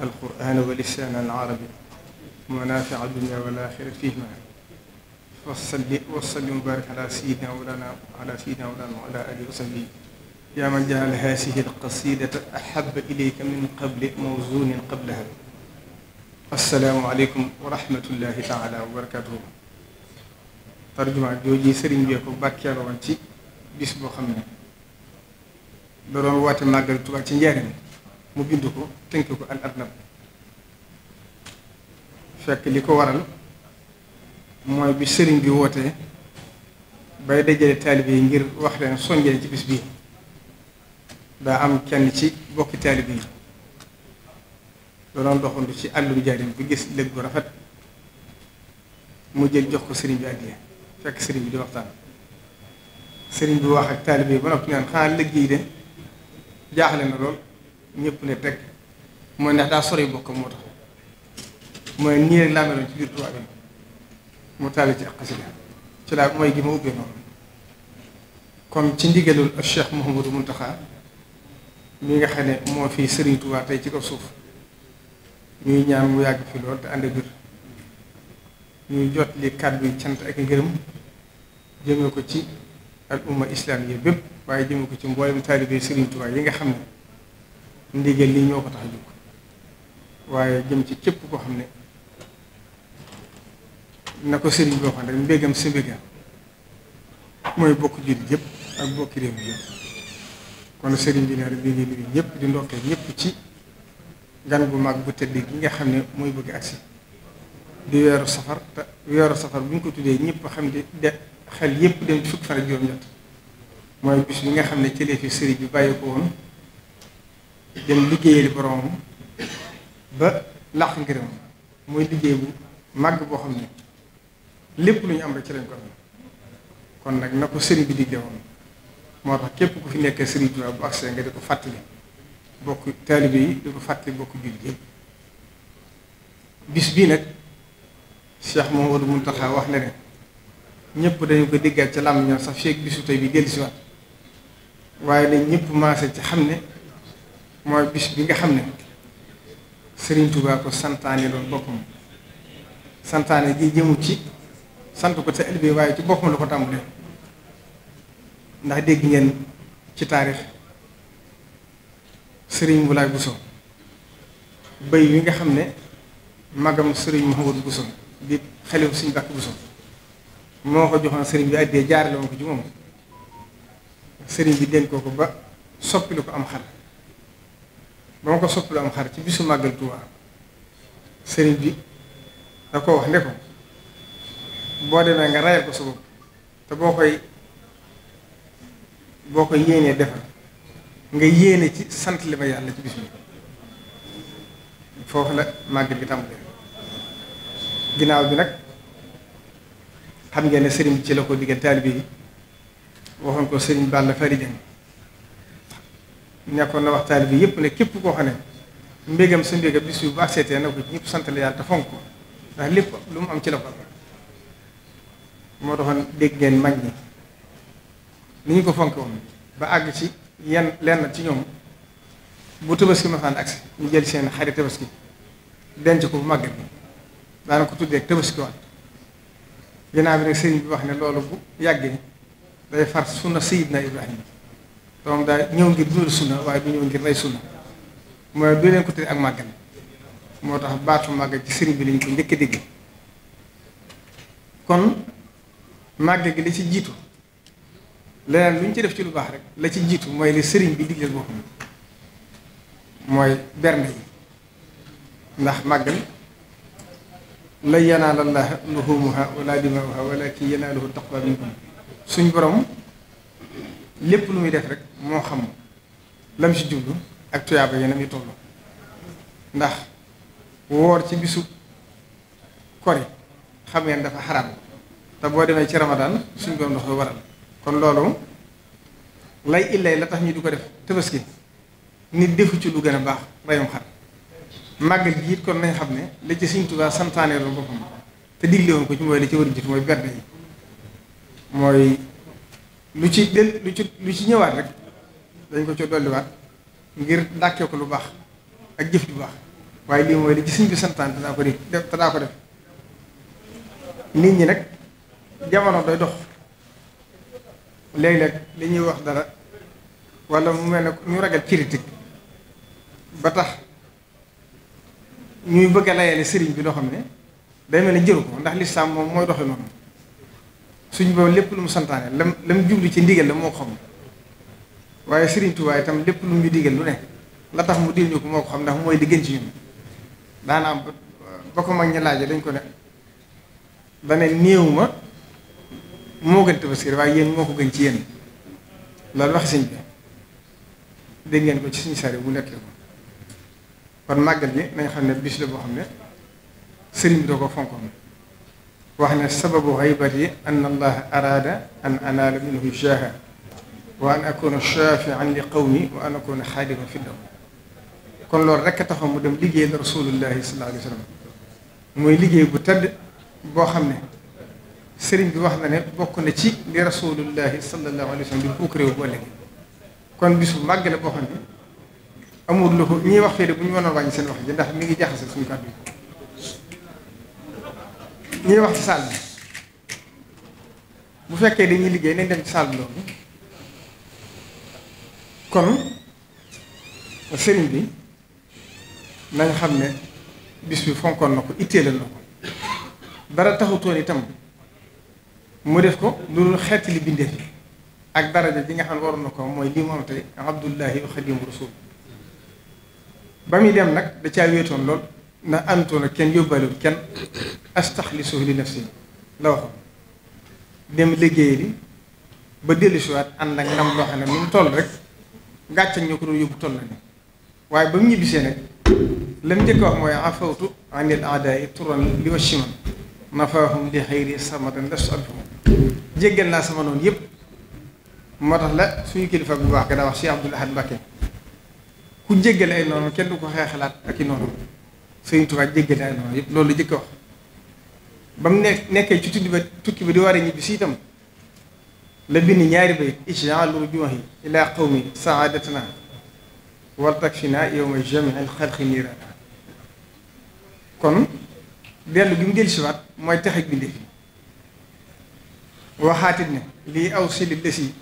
القرآن ولسانا العربي منافع الدنيا والآخرة فيهما وصلي وصلي وبارك على سيدنا مولانا على سيدنا مولانا وعلى آله وصحبه يا من جعل هذه القصيدة أحب إليك من قبل موزون قبلها السلام عليكم ورحمة الله تعالى وبركاته ترجمة جوجي سرين بيكو باكيا روانتي بسبو خمنا bis boo xam ne da mu bind ko tënk ko al adnab fekk li ko waral mooy bi sëriñ bi wootee bay dajale taalibe yi ngir wax leen soññee ci bis bii daa am kenn ci bokki taalibe yi doon doxandu ci àllum jaarim bi gis lëg bu rafet mu jël jox ko sëriñ bi àddiya fekk sëriñ bi di waxtaan sëriñ bi wax ak taalibe yi ba noppi naan xanaa lëg yi de jaaxle na lool ñépp ne teg mooy ndax daa sori bokkam moo tax mooy nii laa meloon ci biir tubaab mu taale ci ak xasida ci laa mooy gi ma ubbee noonu kon ci ndigalul Cheikh Mouhamadou Mountakha mi nga xam ne moo fi Sëriñ Tuubaa tey ci kaw suuf ñuy ñaan mu yàgg fi lool te ànd biir ñuy jot li kàddu yi cant ak ngërëm jëme ko ci al umma islaam yi bépp waaye jëme ko ci mboolem taalibe Sëriñ Tuubaa yi nga xam ne ndigal lii ñoo ko tax a waaye jëm ci cépp koo xam ne na ko sëriñ bi waxoon rek mbégam si mbégam mooy bokk jullit yëpp ak bokk réew mi kon sëriñ bi nee na ñëpp di ndokkee ñëpp ci gan bu mag bu tëdd gi nga xam ne mooy bëgg agsi di weeru safar te weeru safar bu ko tuddee ñëpp xam ne xel yëpp dem fukki fan ak juróom-ñett mooy bis bi nga xam ne ci la fi sëriñ bi bàyyi ko woon. dem liggéeyali boromam ba làq ngërëm mooy liggéey bu màgg boo xam ne lépp lu ñu am rek ci lañ ko amee kon nag na ko sëriñ bi digle woon moo tax képp ku fi nekk sëriñ Tuubaa bu akse nga di ko fàttali bokk taalibe yi di ko fàttali bokk jullit yi bis bii nag Cheikh Mouhamadou Mountakha wax na ne ñëpp dañu ko déggaat ca làmmiñam sax feek bisu tey bi dellusiwaat waaye nag ñëpp maase ci xam ne mooy bis bi nga xam ne sëriñ Touba ko santaane doon boppam santaane di jëmu ci sant ko sa ëllëgee waaye ci boppam la ko tàmbalee ndax dégg ngeen ci taarix Serigne Moulay buso béy wi nga xam ne magam Serigne Mouhamadou buso bi xelew Serigne Bakk Bousso moo ko joxoon Serigne bi àddee jaarale woon ko ci moom Serigne bi denc ko ko ba soppi lu ko am xar. ba ma ko sopplu am xar ci bisu màggal Tuubaa sëriñ bi da ko wax ne ko boo demee nga rayal ko sa bopp te boo koy boo ko yéenee defal nga yéene ci sant li ma yàlla ci bis bi foofu la màggal gi tàmbalee ginnaaw bi nag xam ngeen sëriñ bi ci la ko digal taalibe yi waxoon ko sëriñ Balla Fari Jeng nekkoon na waxtaan bi yëpp ne képp ko xam ne mbégam sa mbéga bis bu baax seetee na ko ñëpp sant la yàlla te fonk ko ndax lépp lu mu am ci la ko moo taxoon dégg ngeen mag ni ni ñu ko fonk woon ba àgg ci yenn lenn ci ñoom bu tabaski ak si ñu jël seen xari tabaski denc ko bu màggat bi daana ko tuddee tabaski waat ginnaaw bi nag sëriñ bi wax ne loolu bu yàggee day far sunna Sayyidna Ibrahima moom daal ñëw ngir dundal sunna waaye du ñëw ngir rey sunna mooy du leen ko tere ak màggal moo tax baatu màggal ci sëriñ bi lañ ko njëkk a dégg kon màgg gi li ci jiitu leneen lu ñu ci def ci lu baax rek la ci jiitu mooy li sëriñ bi digleel boppam mooy bernde yi ndax màggal lan yanaala llaaha luhuumuhaa wa laa dimaa'uhaa walaakin yanaaluhu taqwaa minkum suñ borom lépp lu muy def rek moo xam lam si jublu ak tuyaaba yeneen yu tollu ndax woor ci bisu kori xam ngeen dafa xaraam te boo demee ci ramadaan suñ borom da koy waral kon loolu lay illay la tax ñu du ko def tabaski nit defu ci lu gën a baax reyum xar màggal gi it kon nañ xam ne la ci Sëñ Tuubaa santaane loolu boppam te digle ko ci mooy la ci war a jiitu mooy berde yi mooy lu ci del lu ci lu ci ñëwaat rek dañ ko ci dolliwaat ngir dàkkee ko lu baax ak jëf ju baax waaye lii mooy li ci siñ bi santaan te daa ko def te daa ko def nit ñi nag jamono day dox léeg-léeg li ñuy wax dara walla mu mel ne ñu ragal critique ba tax ñuy bëgg a layale sëriñ bi loo xam ne day mel ne jëru ko ndax lislaam moom mooy doxe noonu suñu boobu lépp lu mu santaane lam lam jublu ci ndigal la moo ko xam waaye Serigne Touba itam lépp lu mu ñu digal lu ne la tax mu dil ñu ko moo ko xam ndax mooy di gën ci ñun daanaam ba ko mag ñi dañ ko ne dane néew ma moo gën tabaski moo ko gën ci yéen loolu wax sëñ bi dégg ngeen ko ci suñu sari bu nekk ko kon màggal gi nañ xam ne bis la boo xam ne sëriñ bi doo ko fonkoon واحنا سبب غيبتي ان الله اراد ان انال منه الجاه وان اكون شافعا لقومي وان اكون خادما في الدوله كون لور رك تخم دم ليغي رسول الله صلى الله عليه وسلم موي ليغي بو تاد بو خامني سيرين بي واخنا ني بوكنا سي لي رسول الله صلى الله عليه وسلم بو كريو بو ليغي كون بيسو ماغلا بو خامني امور لو ني واخ فيري بو ني وانا واني سين واخ جي ندخ ميغي جاخس سون كاد ñuy wax ci salle bi bu fekkee dañuy liggéey nañ dem ci salle bi loolu kon sëriñ bi nañ xam ne bis bi fonkoon na ko itteelal na ko dara taxutoon itam mu def ko lu dul xeeti li bindeef yi ak daraja bi nga xam ne waroon na ko mooy lii mu am tey abdullahi wa xadimu rasul ba muy dem nag da caa wéetoon lool na antoona kenn yóbbaaliwul kenn astaxlisuhu li nafsi la waxoon dem liggéey li ba dellusiwaat ànd ak ndam loo xam ne mu toll rek ngàcca ñoo ko doon yóbbu toll na ni waaye ba mu ñibbisee nag lam njëkk wax mooy afawtu anil aadaay turan li wa shiman nafaahum li xayri samadan lastu alfahum jéggal naa sama noonu yëpp moo tax la suñu kilifa bu baax ga daa wax Cheikh Abdoul Ahad Mbacké ku jéggal ay noonu kenn du ko xeexalaat ak i noonu Sëriñ Tuubaa jéggi naa noonu yëpp loolu la jëkk wax ba mu ne nekkee ci tuddi ba tukki ba di war a ñibbi si itam la bind ñaari bay ij'al rujuuhi ila qawmi saadatana wal takfina yawma jamiil xalqi niirana kon dellu gi mu dellu si waat mooy tax ak bindee fi waxaatit ne lii aw si li desi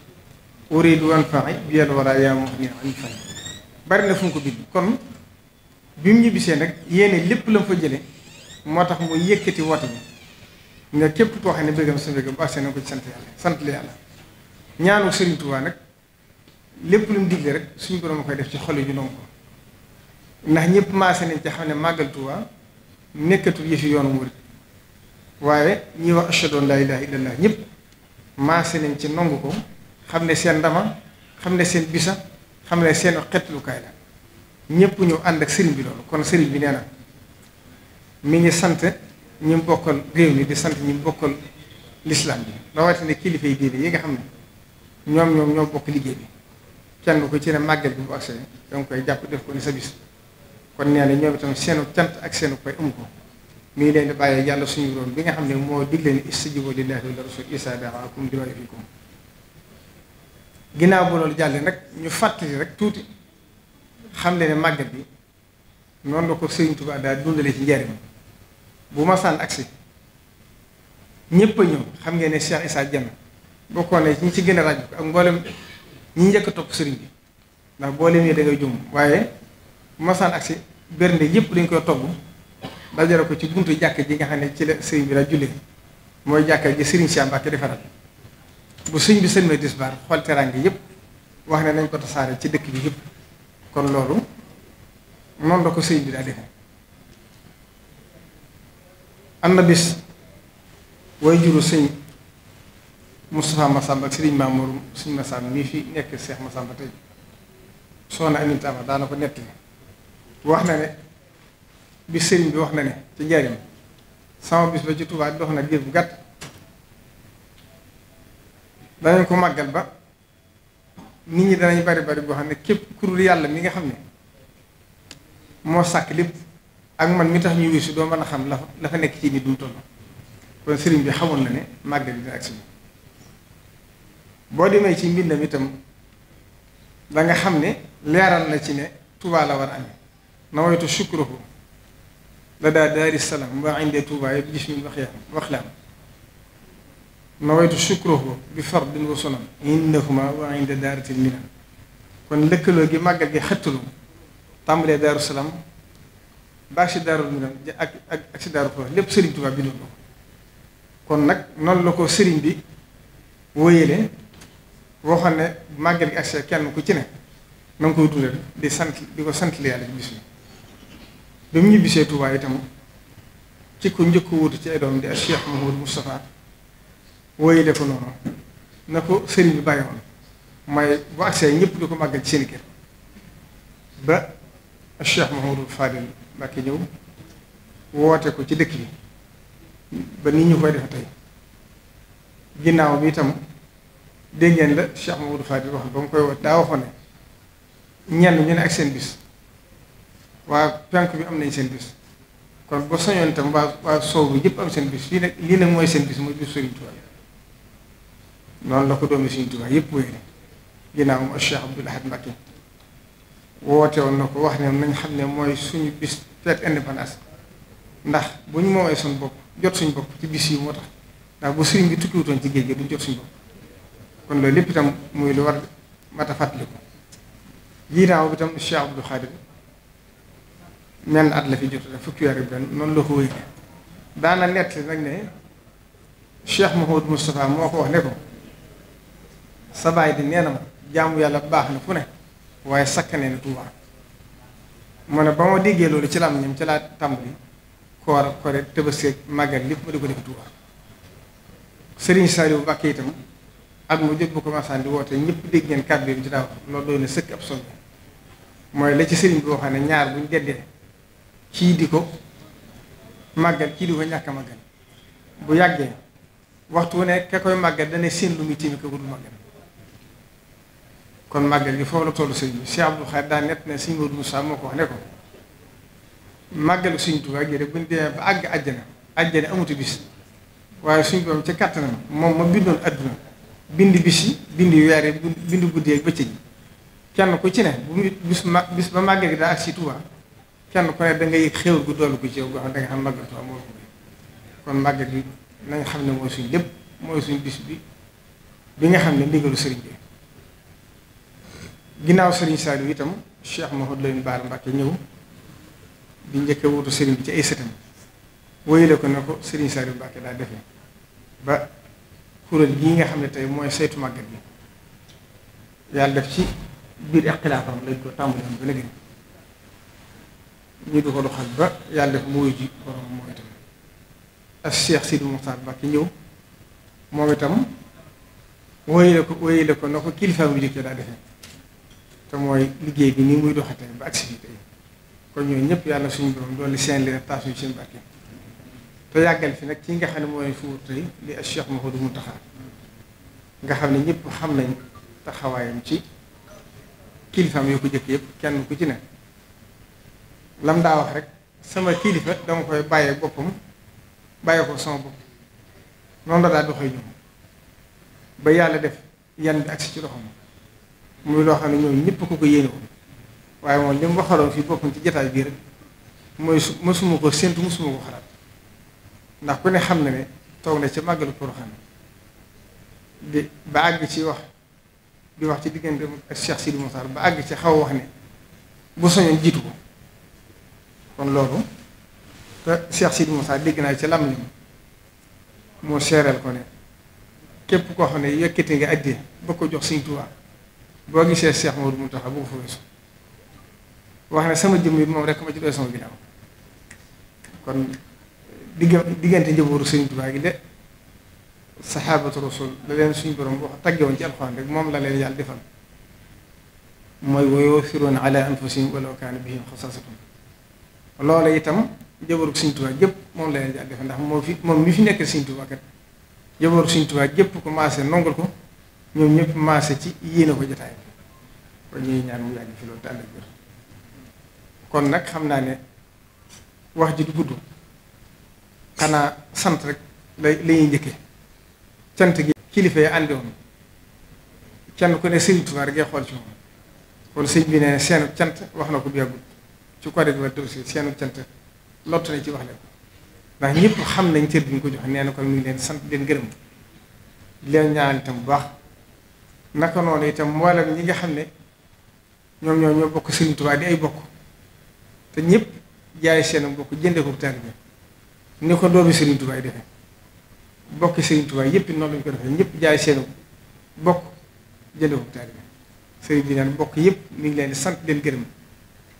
uridu wan faxi biyal wala yaa ma wax nii am faxi bari na fu mu ko bind kon bi mu ñibbisee nag yéene lépp la mu fa jële moo tax moo yëkkati woote bi nga képp koo xam ne bëggam sa bëggam baax na ko ci sant yàlla sant la yàlla ñaanu Sëriñ Tuubaa nag lépp lu mu digle rek suñu borom koy def ci xol ju nangu ko ndax ñëpp maase nañ ci xam ne màggal Tuubaa nekkatul yëfi yoonu murit waaye ñi wax ashhadu an laa ilaaha illallah ñëpp maase nañ ci nangu ko xam ne seen ndama xam ne seen bisa xam ne seen xetlukaay la ñëpp ñëw ànd ak sëriñ bi loolu kon sëriñ bi neena mi ngi sant ñi mu bokkal réew mi di sant ñi mu bokkal lislaam bi rawatina kilifa yi diine yi nga xam ne ñoom ñoom ñoo bokk liggéey bi kenn ko ci ne màggal bi bu agsee da nga koy jàpp def ko ni sa bis kon nee na ñoom itam seenu cant ak seenu koy amu ko mi ngi leen di bàyyee yàlla suñu roon bi nga xam ne moo digle ni istajibu lillahi wa rasul isaa daakum lima yufikum ginnaaw bu loolu jàllee nag ñu fàttali rek xam ne ne màggal bi noonu la ko Sëriñ Tuubaa daal dundale ci njariñ bu ma saan agsi ñëpp a ñëw xam ngeen ne Cheikh Issa Dieng boo ne ñi ci gën a ràññ ko ak ñi njëkk a topp sëriñ bi ndax boo leen da ngay jum waaye bu ma saan agsi bernde yëpp dañ koy togg dajale ko ci buntu jàkk ji nga xam ne ci la sëriñ bi la jullee mooy jàkk ji sëriñ Cheikh Mbacke defaral bu sëriñ bi sëlmee disbaar xool teraan gi yëpp wax ne nañ ko tasaare ci dëkk bi yëpp kon loolu noonu la ko sëñ bi daa defe am na bis way juru sëñ Moustapha Massamba ak sëriñ Mamour sëñ Massamba mii fi nekk seex Massamba tey soxna Aminta Ba daana ko netti wax na ne bi sëriñ bi wax na ne ci njariñ sama bis ba ci Tuubaa dox na diir bu gàtt danañ ko màggal ba nit ñi danañ bari bari boo xam ne képp kurul yàlla mi nga xam ne moo sàkk lépp ak man mi tax ñu si doo mën a xam la la fa nekk ci nit du mu kon sëriñ bi xamoon na ne bi màggal dina agsi boo demee ci mbindam itam da nga xam ne leeral na ci ne Tuubaa la war a amee nawaytu shukruhu la daa daari salaam wa indee Tuubaa yëpp gis min wax yaa wax la nawaytu shukruhu bi fardin wa sunan indahuma wa inda daaratil minan kon lëkkaloo gi màggal gi xëttalu tàmbalee daaru salaam baax si daaru minan ak lépp sëriñ Tuubaa bindoon na nag noonu la ko sëriñ bi woo xam ne màggal gi ak kenn ku ci ne na nga koy dundal di sant di ko sant la yàlla ci bis bi mu ñibbisee Tuubaa itam ci ko njëkk wuutu ci ay doom di ak Cheikh Mouhamadou Moustapha wóyale ko noonu na ko sëriñ bi bàyyi woon may bu agsee ñëpp di ko màggal ci seen kër ba Cheikh Mouhamadou Fadil Mbacké ñëw woote ko ci dëkk yi ba nit ñu koy defe tey ginnaaw bi itam dégg ngeen la Cheikh Mouhamadou Fadil wax ba mu koy wax daa waxoon ne ñenn ñu ne ak seen bis waa penk bi am nañ seen bis kon ba soñoon itam waa waa soow bi yëpp am seen bis lii nag lii nag mooy seen bis mooy bis Sëriñ Tuubaa noonu la ko doomi Sëriñ Tuubaa yëpp wéyale ginnaaw moom Cheikh Abdoul Ahad Mbacké woote woon na ko wax ne nañ xam ne mooy suñu bis fête indépendance ndax bu ñu moomee suñu bopp jot suñu bopp ci bis yi moo tax ndax bu sëriñ bi tukkiwutoon ci géej gi duñ jot suñu bopp kon loolu lépp itam muy lu war mat a fàttaliku ginnaaw bi itam Cheikh Abdou Khadir menn at la fi jot a fukki weer benn noonu la ko wéyale daana nett nag ne Cheikh Mouhamadou Moustapha moo ko wax ne sa baay di nee na ma jaamu yàlla baax na fu ne waaye sakkanee na Tuubaa mu ne ba ma déggee loolu ci la am ñoom ci laa tàmbali koor kore tëbaseeg màggal lépp ma di ko def Tuubaa sëriñ Saliou Mbacke itam ak mu jóg bu commencé di woote ñëpp dégg ngeen kàddu bi ci daaw loolu doon na sëkk ab solo mooy la ci sëriñ bi waxee ne ñaar buñ deddee kii di ko màggal kii di ko ñàkk màggal bu yàggee waxtu wu ne ka koy màggal dana seen lu muy tiim ko du màggal kon màggal gi foofu la tollu sëñ bi Cheikh Abdou Khadre daa nett ne sëñ Modou Moussa moo ko wax ne ko màggalu sëñ Tuubaa gi rek bu ñu demee ba àgg àjjana àjjana amuti bis waaye suñ borom ca kàttanam moom ma bindoon adduna bind bis yi bind weer yi bind guddi ak bëccëg yi kenn ku ci ne bu bis ma bis ba màggal gi daa ak si Tuubaa kenn ku ne da ngay xéwal gu doolu ko ci yow boo xam da nga xam màggal Tuubaa moo ko kon màggal gi nañ xam ne mooy suñ lépp mooy suñ bis bi bi nga xam ne ndigalu sëriñ bi ginnaaw sëriñ Saliou itam Cheikh Mouhamadou Lamine Bara Mbacké ñëw di njëkk a wutu sëriñ bi ci ay sëtam wóyule ko ne ko sëriñ Saliou Mbacké daa defe ba kuréel gii nga xam ne tey mooy saytu màggat bi yàlla def ci biir ixtilaafam lañ ko tàmbali am gën a gën ñu du ko doxal ba yàlla def mu wuyu ji moom itam ak Cheikh Sidi Moukhtar Mbacké ñëw moom itam wóyule ko wóyule ko ne ko kilifaam yi njëkk daa defee. te mooy liggéey bi nii muy doxate ba agsi fii tey kon ñooñu ñëpp yàlla suñu borom dolli seen leer taas ñu seen barke te yàggal fi nag ci nga xam ne mooy fu tey li ak Cheikh Mouhamadou Mountakha xam ne ñëpp xam nañ taxawaayam ci kilifaam yoo ko jëkk yëpp kenn ku ci ne lam daa wax rek sama kilifa dama koy bàyyee boppam bàyyee ko sama bopp noonu la daa doxee ñoom ba yàlla def yan bi agsi ci loxoom muy loo xam ne ñoom ñépp ko ko yéene waaye moom li mu waxaloon fii boppam ci jataay bii rek mooy su mësuma ko séntu mësuma ko xalaat ndax ku ne xam na ne toog na ca màggalu Porokhane ba àgg ci wax di wax ci diggante ak Cheikh ba àgg ci xaw wax ne bu soñoon jiitu ko kon loolu te Cheikh Sidi Moussa dégg naa ci lam li moo seereel ko ne képp koo xam ne yëkkati nga àddee ba ko jox Sëñ Tuubaa boo gisee Cheikh Maodo Mountakha bu ko fa weesu ne sama jëmm moom rek ma ci doy sama digga diggante njabootu Sëriñ Tuubaa gi de saxaabatu rasul la leen suñu borom wax taggewoon ci rek moom la leen yàlla defal mooy wa yu'thiruuna ala anfusihim walaw kaana bihim xasaasatun loola itam jabaru Sëriñ Tuubaa moom la leen yàlla defal ndax moom fi moom mi fi nekk Sëriñ Tuubaa kat jabaru Sëriñ Tuubaa jëpp ko maase nongul ko ñoom ñëpp maase ci yéene ko jotaay kon ñuy ñaan mu yàgg fi loolu ànd ak kon nag xam naa ne wax ji du gudd xanaa sant rek la la ñuy njëkke cant gi kilifa yi àndi woon kenn ku ne Sëriñ Tuubaa rek ngay xool ci moom kon sëñ bi ne seenu cant wax na ko bu yàggul ci Korite wala Tabaski seenu cant lott na ci wax leen ndax ñëpp xam nañ cër bi ñu ko jox nee na kon mu ngi leen sant leen gërëm leen ñaanal itam bu baax naka noonu itam la mboolem ñi nga xam ne ñoom ñoo bokk Sëriñ Tuubaa di ay bokk te ñëpp jaay seen bokk jëndee ko taalibe ni ko doomi Sëriñ Tuubaa yi defee yëpp noonu lañ ko defee ñëpp jaay seen bokk jëndee ko taalibe sëriñ bi naan bokk yëpp mi ngi leen di sant leen gërëm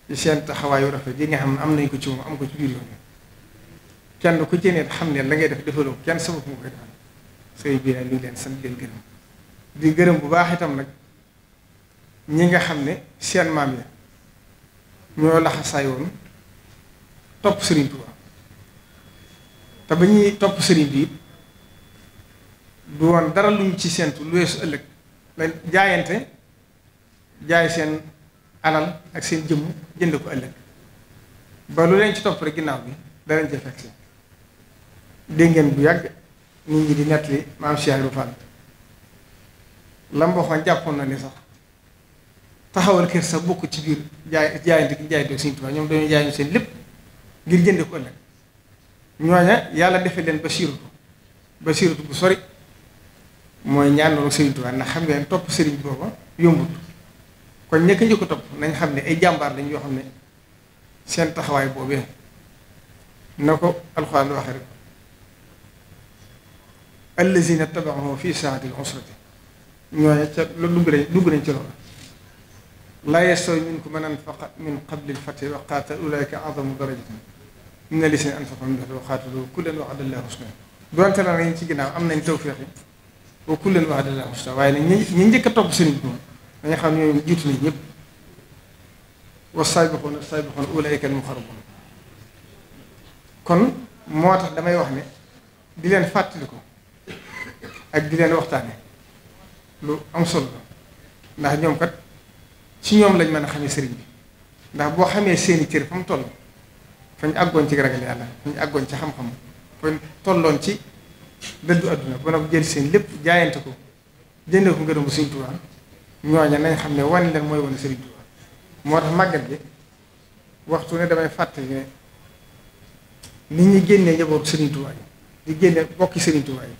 ci seen taxawaayu rafet yi nga xam ne am nañ ko ci moom am ko ci biir yoon kenn ku ci xam ne la ngay def defaloo kenn sabab moo koy defal sëriñ bi naan mi ngi leen sant leen gërëm. di gërëm bu baax itam nag ñi nga xam ne seen maam ya ñoo laxasaay woon topp sëriñ Tuubaa te ba ñuy topp sëriñ bi du woon dara luñ ci sentu lu weesu ëllëg la jaayante jaay seen alal ak seen jëmm jënd ko ëllëg ba lu leen ci topp rek ginnaaw bi danañ ci fekk dégg ngeen bu yàgg nit ñi di nettali maam Cheikh Ibra lam waxoon jàppoon na ni sax taxawal kër sa bokk ci biir jaay jaayante gi jaay doo Sëriñ Tuubaa ñoom dañoo jaay seen lépp ngir jënde ko ëllëg ñooña yàlla defe leen ba siirutu ba siirutu bu sori mooy ñaanaloo Sëriñ Tuubaa ndax xam ngeen topp sëriñ booba yombut kon ñëkk ñi ko topp nañ xam ne ay jàmbaar lañ yoo xam ne seen taxawaay boobee na ko alxuraan waxe rek allazina tabaxoo fi saati l usrati لا يستوي منكم من انفق من قبل الفتح وقاتل اولئك اعظم درجه من الذين انفقوا من قبل وقاتلوا كلا وعد الله الحسنى دونت لا نجي غناو امنا التوفيق وكلا وعد الله الحسنى واي ني نجي كتوب سن دو ني خام ني جوت ني نيب والسابقون السابقون اولئك المخربون كون موتاخ داماي واخني دي لين فاتلكو اك دي لين واختاني lu am solo ndax ñoom kat ci ñoom lañ mën a xame sëriñ bi ndax boo xamee seeni cër fa mu toll fa ñu àggoon ci ragal yàlla fa ñu àggoon ci xam-xam fa ñu tolloon ci dëddu àdduna ba nag jël seen lépp jaayante ko jëndee ko mu Sëriñ Tuubaa ñooña nañ xam ne wane leen mooy wane Sëriñ Tuubaa moo tax màggat bi waxtu ne damay fàtte ne nit ñi génnee njabootu Sëriñ Tuubaa yi di génne bokki Sëriñ Tuubaa yi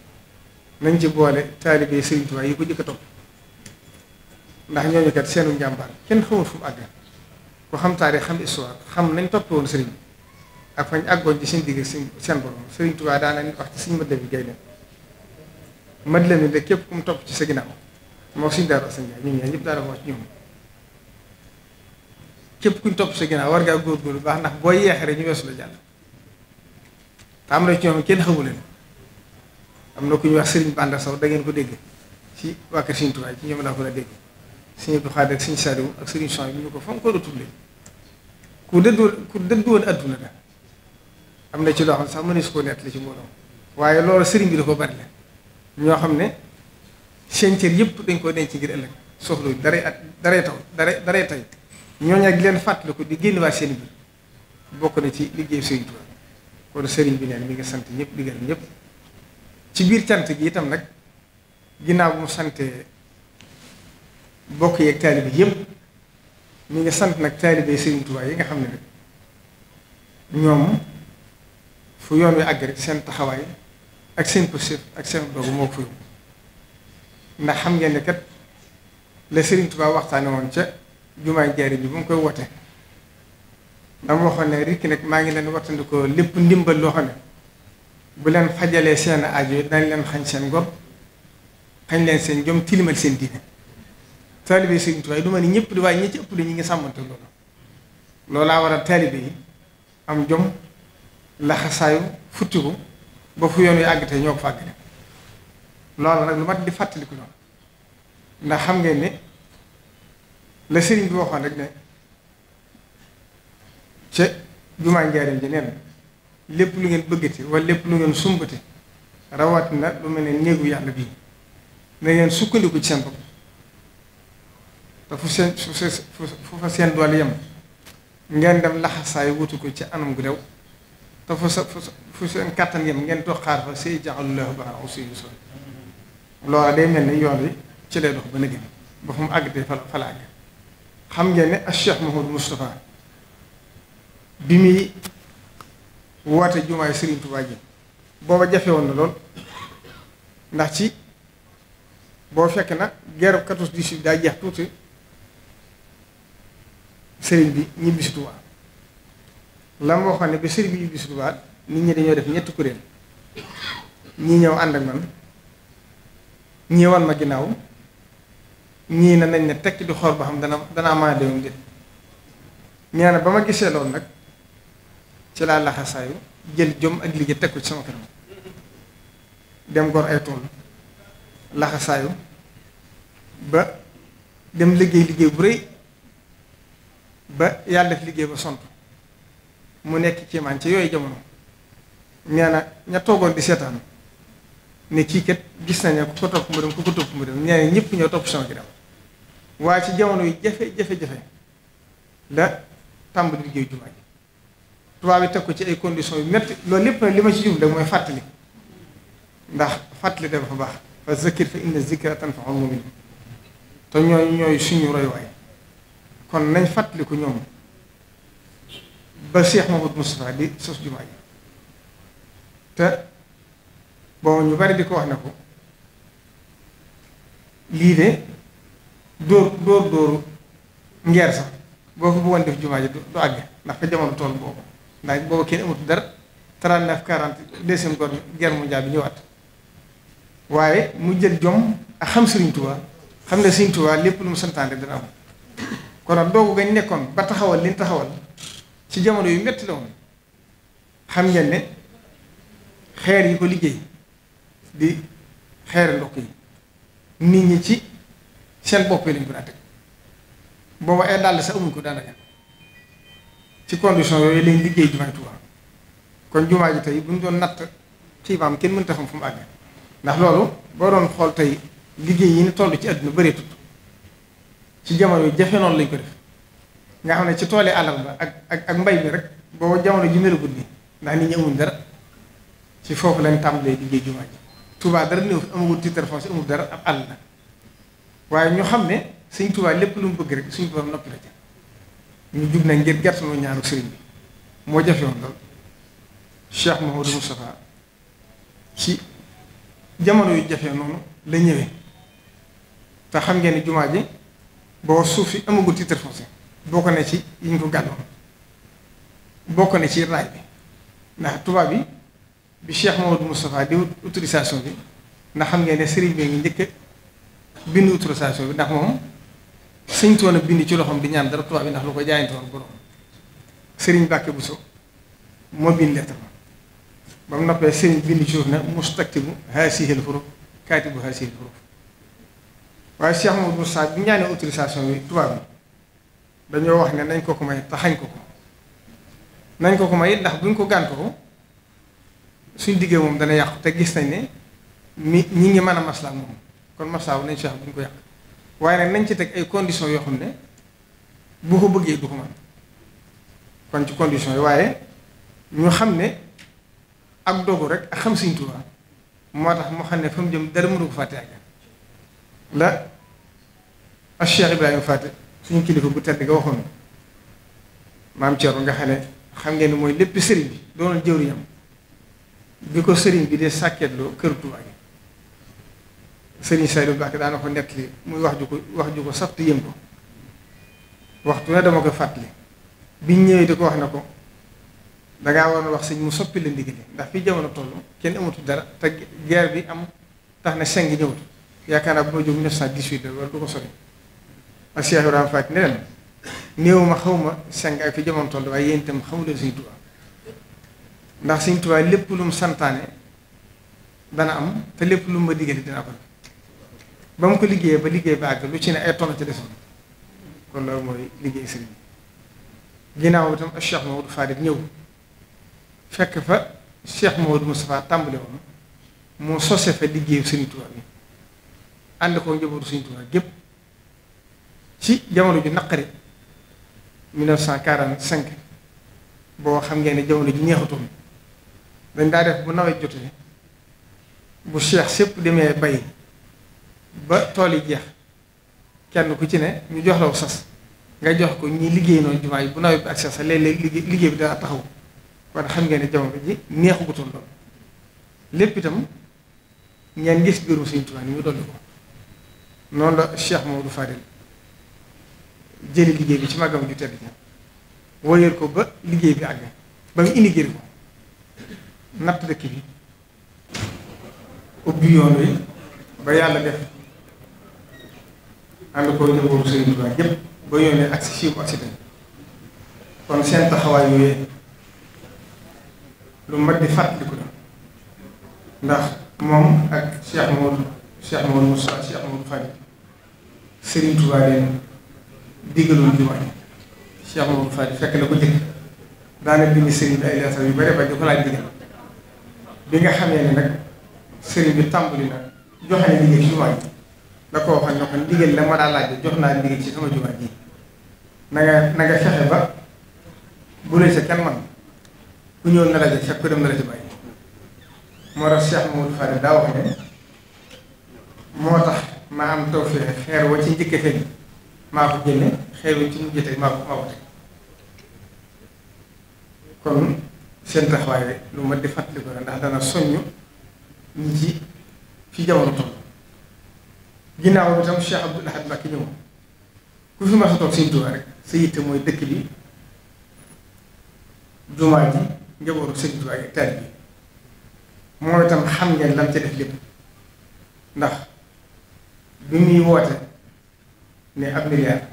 nañ ci boole taalibe Sëriñ Tuubaa yi ko jëkk topp ndax ñooñu seenu njàmbaar kenn xamul fu mu àgg ku xam taarix xam histoire xam nañ topp woon sëriñ ak fañ àggoon ci seen digg seen borom Sëriñ Tuubaa daan bi gaynde mëdla mi de képp ku mu topp ci sa ginnaaw moo suñu daara sa njaay ñun ñaa ñëpp daara wax ci ñoom képp kuñ topp sa ginnaaw war ngaa góorgóorlu baax ndax boo yeexee ñu weesu la jàll te am na ci ñoom kenn xamu leen am na ku ñuy wax Serigne Banda Sow da ngeen ko dégg ci waa kër Serigne ci ñoom laa ko la dégg Serigne Abdou Khadre ak Serigne Saliou ak Serigne Chouaib ñu ko fa mu ko doon tuddee ku dëddu woon adduna am na ci loo xam sax mënees koo nettali ci mbooloo waaye loolu Serigne bi da ko bari la ñoo xam ne seen cër yëpp dañ koo denc ngir ëllëg soxla daree at daree taw daree daree tay ñooñu ak leen fàttaliku di génn waa seen biir bokk na ci liggéey Serigne Touba kon Serigne bi neen mi ngi sant ñëpp di gërëm ñëpp. ci biir cant gi itam nag ginnaaw bu mu sante bokk yeeg taalibe yëpp mi ngi sant nag taalibe Sëriñ Tuubaa yi nga xam ne nag ñoom fu yoon wi àgg rek seen taxawaay ak seen pësëf ak seen doogu moo ko ndax xam ngeen ne kat la Sëriñ Tuubaa waxtaane woon ca jumaay jaari bi bu mu koy wote dama waxoon ne rikki nag maa ngi leen wattandikoo lépp ndimbal loo xam ne bu leen fajalee seen aajo dañ leen xañ seen ngor xañ leen seen jom tilimal seen diine taalibe Sëriñ Tuubaa du ma ni ñëpp di waaye ñi ci ëpp di ñu ngi sàmmante loolu loolaa war a taalibe yi am jom laxasaayu futtiku ba fu yoon wi àgg te ñoo ko fàggale loolu nag lu mat di fàttaliku loolu ndax xam ngeen ni la sëriñ bi waxoon rek ne ca jumaa njaarim ji neen lépp lu ngeen bëggati wala lépp lu ngeen sumbati rawat na lu mel ne néegu yàlla bii na ngeen sukkandiku ci seen bopp te fu seen fu seen fu fa seen doole yem ngeen dem laxasaay wutu ko ci anam gu dew te fu seen kàttan yem ngeen toog xaar fa say jaxalullahu baax aussi yusra loola day mel ni yoon wi ci lay ba nëgg ba fu mu àgg de fa la àgg xam ngeen ne ak Cheikh Mouhamadou bi muy woote jumaay Serigne Touba ji booba jafe woon na lool ndax ci boo fekk na guerre 14 18 daa jeex tuuti Serigne bi ñibbi si Touba la ma waxoon ne bi Serigne bi ñibbi baat nit ñi dañoo def ñetti kuréel ñii ñëw ànd ak man ñii wan ma ginnaaw ñii na nañ ne tekk di xool ba xam dana danaa mën a dem déet nee na ba ma gisee loolu nag. ci laa laxasaayu jël jom ak liggéey teg ko ci sama kanam dem gor ay tool laxasaayu ba dem liggéey liggéey bu rëy ba yàlla def liggéey ba sont mu nekk kéemaan ci yooyu jamono nee na ña toogoon di seetaan ne kii kat gis nañ ku ko topp mu dem ku ko topp mu dem nee na ñëpp ñoo topp sama ginnaaw waaye ci jamono yi jafe jafe jafe la tàmbali liggéey jumaa tubaab yi teg ko ci ay conditions yu métti loolu lépp nag li ma ci jublu mooy fàttali ndax fàttali dafa baax fa zakir fa inna zikra tanfaul te ñooy ñooy suñu royuwaay kon fàttaliku ñoom ba Cheikh Mahmoud sos jumaa ji boobu ñu bari di ko wax ne ko lii de dóor dóor dóoru ngeer sax boo ko bëggoon def jumaa ji du àgg ndax fa jamono tool boobu ndax booba kenn amut dara 39 40 deuxième guerre mondiale bi ñëwaat waaye mu jël jom ak xam Serigne Touba xam ne Serigne Touba lépp lu mu santaane dana am kon nag doogu gañ nekkoon ba taxawal li ñu taxawal ci jamono yu métti la woon xam ngeen ne xeer yi ko liggéey di xeer ndokk yi nit ñi ci seen bopp yi lañ ko daa teg booba ay dàll sa amuñ ko daanaka ci condition yooyu lañ liggéey jumaay Tuubaa kon jumaa ji tey bu ñu doon natt xiibaam kenn mënta xam fu ndax loolu boo doon xool tey liggéey yi toll ci àdduna bëree ci jamono jafe noonu lañ ko def nga xam ne ci tool yi alal ba ak ak ak mbay bi rek boobu jamono ji melagul nii ndax nit dara ci foofu lañ tàmbalee liggéey jumaa ji Tuubaa dara néew amagul titre foncier amul dara ab àll la waaye ñu xam ne Sëñ Tuubaa lépp lu mu bëgg rek suñu borom noppi la ñu jub na ngir gertaloo ñaanu sëriñ bi moo jafewoon lool Cheikh Mouhamadou Moustapha ci jamono yu jafe noonu la ñëwee te xam ngeen ni jumaa ji boo suuf yi amagul titre foncier bokk ne ci yi ñu ko gàddoon bokk na ci raay bi ndax tubaab bi bi Cheikh Mouhamadou Moustapha di autorisation bi ndax xam ngeen ne sëriñ bi ngi njëkk bindu autorisation bi ndax moom sëñtoon a bind ci loxoom di ñaan dara tubaab bi ndax lu ko jaayantoon borom sëriñ Bàkke so moo bind lettre ba mu noppee sëriñ bind ci suuf ne mustaktibu haasihi al huruf kaatibu haasihi al huruf waaye Cheikh Mamadou Moussa bi ñaanee autorisation bi tubaab bi dañoo wax ne nañ ko ko may taxañ ko ko nañ ko ko may ndax buñ ko gànt ko suñ diggee moom dana yàqu te gis nañ ne mi ñi ngi mën a maslaa moom kon maslaa nañ Cheikh buñ ko yàq waaye nag nañ ci teg ay conditions yoo xam ne bu ko bëggee du ko mën kon ci conditions yi waaye ñu xam ne ak dogu rek ak xam Sëriñ Tuubaa moo tax mu xam ne fa mu jëm dara mënu fàtte ak la ak Cheikh Ibrahima Fàtte suñu kilifa bu tedd nga waxoon maam Thierno nga xam ne xam ngeen ne mooy lépp sëriñ bi doonoon jëwriñam bi ko sëriñ bi dee sàkkeetloo kër Tuubaa gi sëriñ Saliou Mbacke daana ko nettali muy wax ju ko wax ju ko sax te yën ko waxtu ne dama ko fàttali biñ ñëwee di ko wax na ko dangaa waroon wax sëñ mu soppi leen ndigal ndax fii jamono toll kenn amatul dara te guerre bi am tax ne seng ñëwut yaakaar naa bu ma jóg 1918 la loolu du ko sori ak Cheikh Ibrahima Fati ne leen néew ma xaw ma seng ak fi jamono toll waaye yéen itam xamu leen sëñ Tuubaa ndax sëñ Tuubaa lépp lu mu santaane dana am te lépp lu ma digal dina ko بام كل جيء بلي جيء بعد لو شيء نأتون تلفون كل يوم لي جيء سري جينا وتم الشيخ مود فارد نيو فك ف الشيخ مود مصطفى تامبليون مو سوسي في لي جيء سري توا مي عند كون جبو جيب شي جامو لو نقري 1945 بو خم جاني جامو لو نيهوتوم دا نداف بو نوي جوتي بو شيخ سيب ديمي باي ba tool yi jeex kenn ku ci ne ñu jox la wu sas nga jox ko ñi liggéey noonu jumaa yi bu nawet bi ak sas léeg-léeg liggéey liggéey bi dana taxaw kon xam ngeen ne jamono ji neexugutoon lool lépp itam ngeen gis biirum Sëriñ Tuubaa ni mu dolli ko noonu la Cheikh Mamadou Fadel jëli liggéey bi ci màggam ju tedd ja woyal ko ba liggéey bi àgg ba mu indi ko natt dëkk bi ubbi yoon wi ba yàlla def ànd ko njabootu Sëriñ Tuubaa yëpp ba yónnee ak si fii ak si tey kon seen taxawaay yooyu lu mat di fàttaliku la ndax moom ak Cheikh Maodo Cheikh Maodo Moussa Cheikh Maodo Fadi Sëriñ Tuubaa leen digaloon jumaa ji Cheikh Maodo Fadi fekk la ko jëkk daanaka bind sëriñ bi ay leetar yu bare ba di ko laaj bi nga xamee ne nag sëriñ bi tàmbali na joxe na liggéey ci jumaa ji da ko waxoon ñoo ko ndigal la ma daa laaj jox naa ndigal ci sama jumaa ji na nga na nga fexe ba bu la sa kenn man ku ñëw na la ja ku dem na la bàyyi moo tax Cheikh Mamadou Fane daa xeer wa ci njëkk a feeñ maa génne xeer wi ci mujj teg ko maa ko kon seen taxawaay lu ma di fàttali ko ndax dana soññ ñi ci fi jamono toll ginnaaw bi tam Cheikh Abdoul Ahad Mbacké ñëw ku fi mas a toog Sëñ Tuubaa rek sa yitte mooy dëkk bi jumaa ji njabootu Sëñ Tuubaa ak taal bi moom itam xam ngeen lam ca def lépp ndax bi muy woote ne ab milliard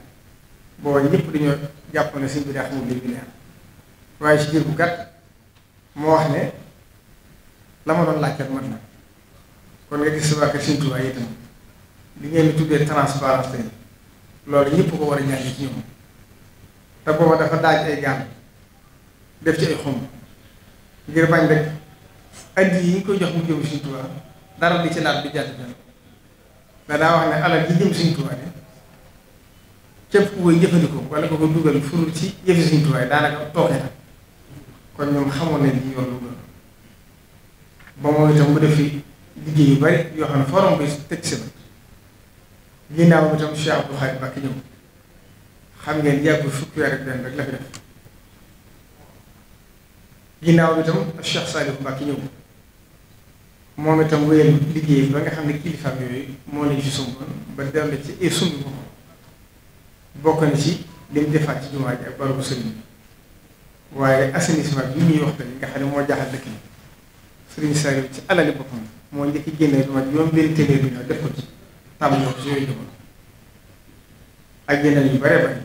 booba ñëpp dañoo jàpp ne sëñ bi daa xamul li milliard waaye ci diir bu gàtt moo wax ne la ma doon laajte mat na kon nga gis sa waa kër Sëñ Tuubaa itam li ngeen di tuddee transparence tey loolu ñëpp ko war a ñàkk ci ñoom te booba dafa daaj ay gaan def ci ay xom ngir bañ rek addi yi ñu koy jox mu jëm Sëriñ dara di ci laat bi jàdd benn danaa ne alal yi jëm Sëriñ Tuubaa wala ko ko dugal furul ci yëfi Sëriñ Tuubaa yi daanaka toogee kon ñoom xamoon nañ li yoon lu ba moom itam mu def fi liggéey yu bari yoo xam ne forom bi teg si ba ginnaaw bi tam Cheikh Abdou Khadre Mbacké ñëw xam ngeen yàggul fukki weer ak benn rek la fi def ginnaaw bi tam Cheikh Saliou Mbacké ñëw moom itam wéyal liggéey ba nga xam ne kilifaam yooyu moo lañu ci sumboon ba dem na ci sumb ko bokk na ci li defaat ci jumaa ji ak barabu sëriñ waaye assainissement bi ñuy wax tamit nga xam ne moo jaaxal dëkk bi sëriñ Saliou ci alali boppam moo njëkk génne lu mat juróom-benn téeméer bi ñoo def ko ci tàmm ñoo ci yooyu jamono ak yeneen yu bare bare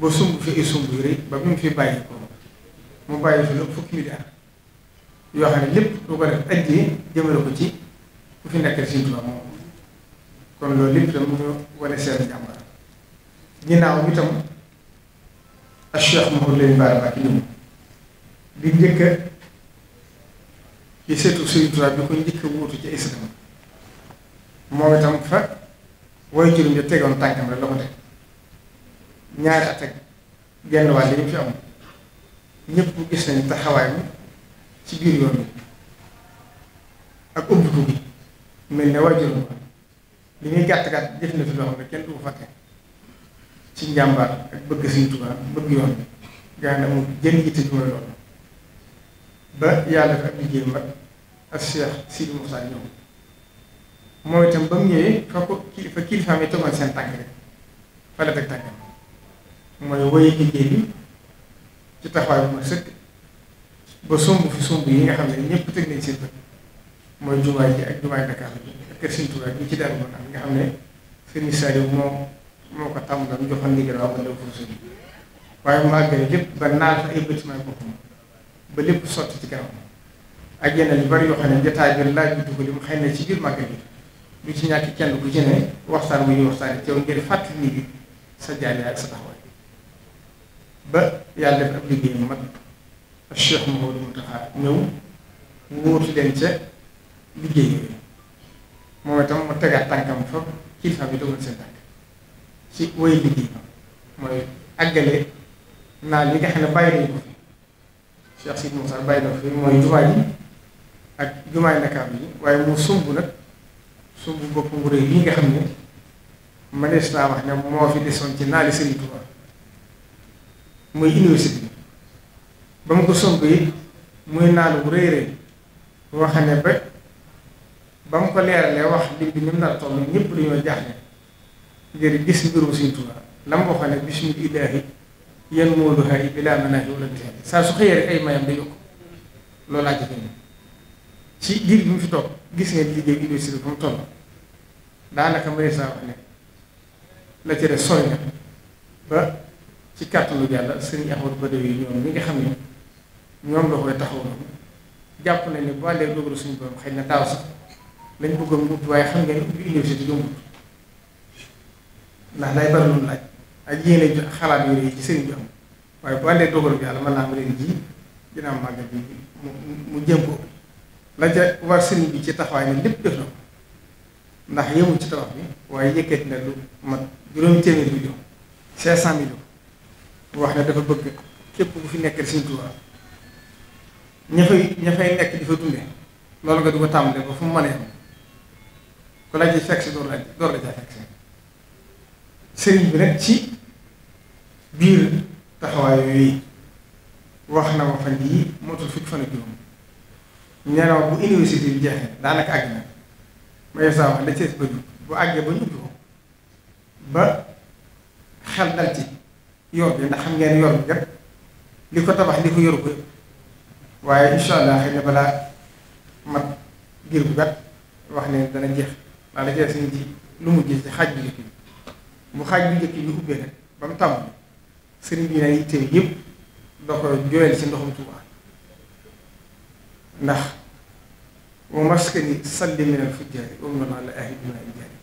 ba sumb fi ay sumb yu ba bi mu fi bàyyi ko mu bàyyi fi lu fukki milliard yoo xam ne lépp lu ko def ajjee jëmale ko ci ku fi nekk Sëriñ Tuubaa moom kon loolu lépp tam mu wane seen jàmbar ginnaaw bi tam ak Cheikh Mouhamadou Lamine Bara Mbacké ñëw di njëkk ci seetu Sëriñ bi ko njëkk wuutu ci islam moom itam fa way juróom ya tegoon tànkam rek la ko teg ñaari at ak genn wàll yi mu fi am ñëpp gis nañ taxawaay bi ci biir yoon bi ak ubbiku bi mel ne way juróom li muy gàtt gàtt jëf na fi loo xam kenn du ko ci njàmbaar ak bëgg Sëriñ Tuubaa bëgg yoon bi gaa ne mu jën yitte ju mooy loolu ba yàlla fi ab liggéey mag ak Cheikh Sidi Moussa ñëw moom tam ba mu ñëwee fa ko kii fa kilifaam yi tegoon seen tànk rek fa la teg tànkam mooy woye liggéey bi ci taxawaay bu ma sëkk ba sumb fi sumb yi nga xam ne ñëpp teg si seen bët ji ak jumaay Dakar bi ak kër Sëriñ Tuubaa bi ci moo nga xam ne sëriñ Saliou moo moo ko tàmm doon joxoon ndigal waa Bandew Foussou waaye màggale lépp ba naal fa ay boppam ba lépp sotti ci kanam ak yeneen yu bari yoo xam ne jotaay bi laaj bi dugg li mu xëy na ci biir màggal bi ñu ci ñàkk kenn ku ci ne waxtaan bu ñuy waxtaan teew ngir fàttali nit ñi sa jaay ak sa taxawaay ba yàlla def ab liggéey mu mag ak liggéey moom itam mu tegaat tànkam fa kilifa bi dogal seen tànk ci woy liggéey mooy àggale naa li nga xam ne bàyyi nañu ko fi Cheikh Sidi Moussa bàyyi na ko fi mooy jumaa ji ak jumaay Ndakaaru yi waaye mu sumb nag. sumbu bopp bu rëy yi nga xam ne manees naa wax ne moo fi desoon ci naali Sëriñ Tuubaa muy université bi ba mu ko somb yi muy naalu bu rëy rëy boo xam ne ba ba mu ko leeralee wax lim bi ni mu nar lu ñoo dañoo jaaxle ngir gis mbirum Sëriñ Tuubaa la mu waxoon ne bismillaahi yan moolu hay bilaa manaahi wala saa su xëyee rek ay mayam da yokk loolu laa jëfee ci diir bi mu fi toog gis ngeen liggéey université bi mu toll daanaka mënees naa wax ne la ci des sori na ba ci kàttanu yàlla sëriñ Ahmadu Badawi yi ñoom ñi nga xam ne ñoom la koy taxaw noonu jàpp nañ ne bu àndee dogalu suñu borom xëy na daaw sax lañ bëggoon waaye xam ngeen ndax day bari ak yéene xalaat yooyu ci sëriñ bi waaye bu àndee dogalu mën naa leen ji dina am màggal bi mu mu jëm ko. la ca war sëriñ bi ci taxawaay ne lépp def na ndax yëmul ci tabax bi waaye yëkkati na lu mat juróomi téeméer bi jox cinq cent millions wax ne dafa bëgg képp ku fi nekk Sëriñ Tuubaa ña fay ña nekk di fa dunde loolu nga du ko tàmbalee ba fu mu mënee am ku la ci fekk si door la door la caa fekk sëriñ bi nag ci biir taxawaay yooyu wax na ma fan yii motul fukki fan ak juróom ñu ne bu université bi jeexee daanaka àgg na mooy saa wax da cee ba ñu bu àggee ba ñu ubbi ko ba xel dal ci yor bi ndax xam ngeen yor bi yëpp li ko tabax li ko yor ko waaye incha allah xëy na balaa mat ngir bu gàtt wax ne dana jeex ndax da cee suñu ji lu mu ji ci xaaj bi njëkk bi bu xaaj bi njëkk bi ubbee nag ba mu tàmbali sëriñ bi nag yitte yëpp da ko jooyal ci ndoxum Tuubaa ndax wa maskani salli min al fujjaari wa man ala ahli min al jaari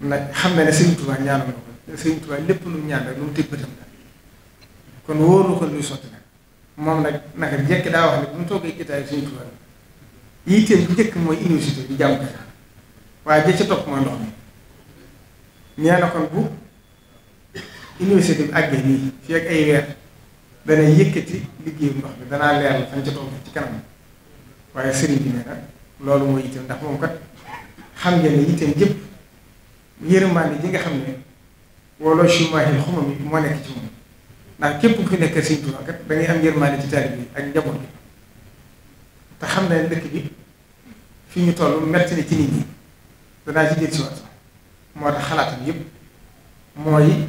nag xam na ne Sëriñ Tuubaa ñaanal na ko Sëriñ Tuubaa lépp lu mu ñaan rek lu mu tëj bëtam la kon wóoru ko luy sotti nag moom nag naka jekk daa wax ne bu mu toogee jotaay Sëriñ Tuubaa yitteem bu njëkk mooy université bi jàmm ka waaye ja ca topp mooy ndox mi nee kon bu université bi àggee nii fii ak ay weer dana yëkkati liggéeyu ndox bi danaa leer la fan ca toog ci kanam waaye sëriñ bi nee na loolu moo yitteem ndax moom kat xam ngeen ne yitteem jëpp yërmande ji nga xam ne wala chumahil xumam yi moo nekk ci moom ndax képp ku fi nekk sëriñ Tuubaa kat da ngay am yërmande ci taalibe bi ak njaboot bi te xam ne ndëkk bi fi ñu toll metti na ci nit ñi danaa ci jël si waat moo tax xalaatam yëpp mooy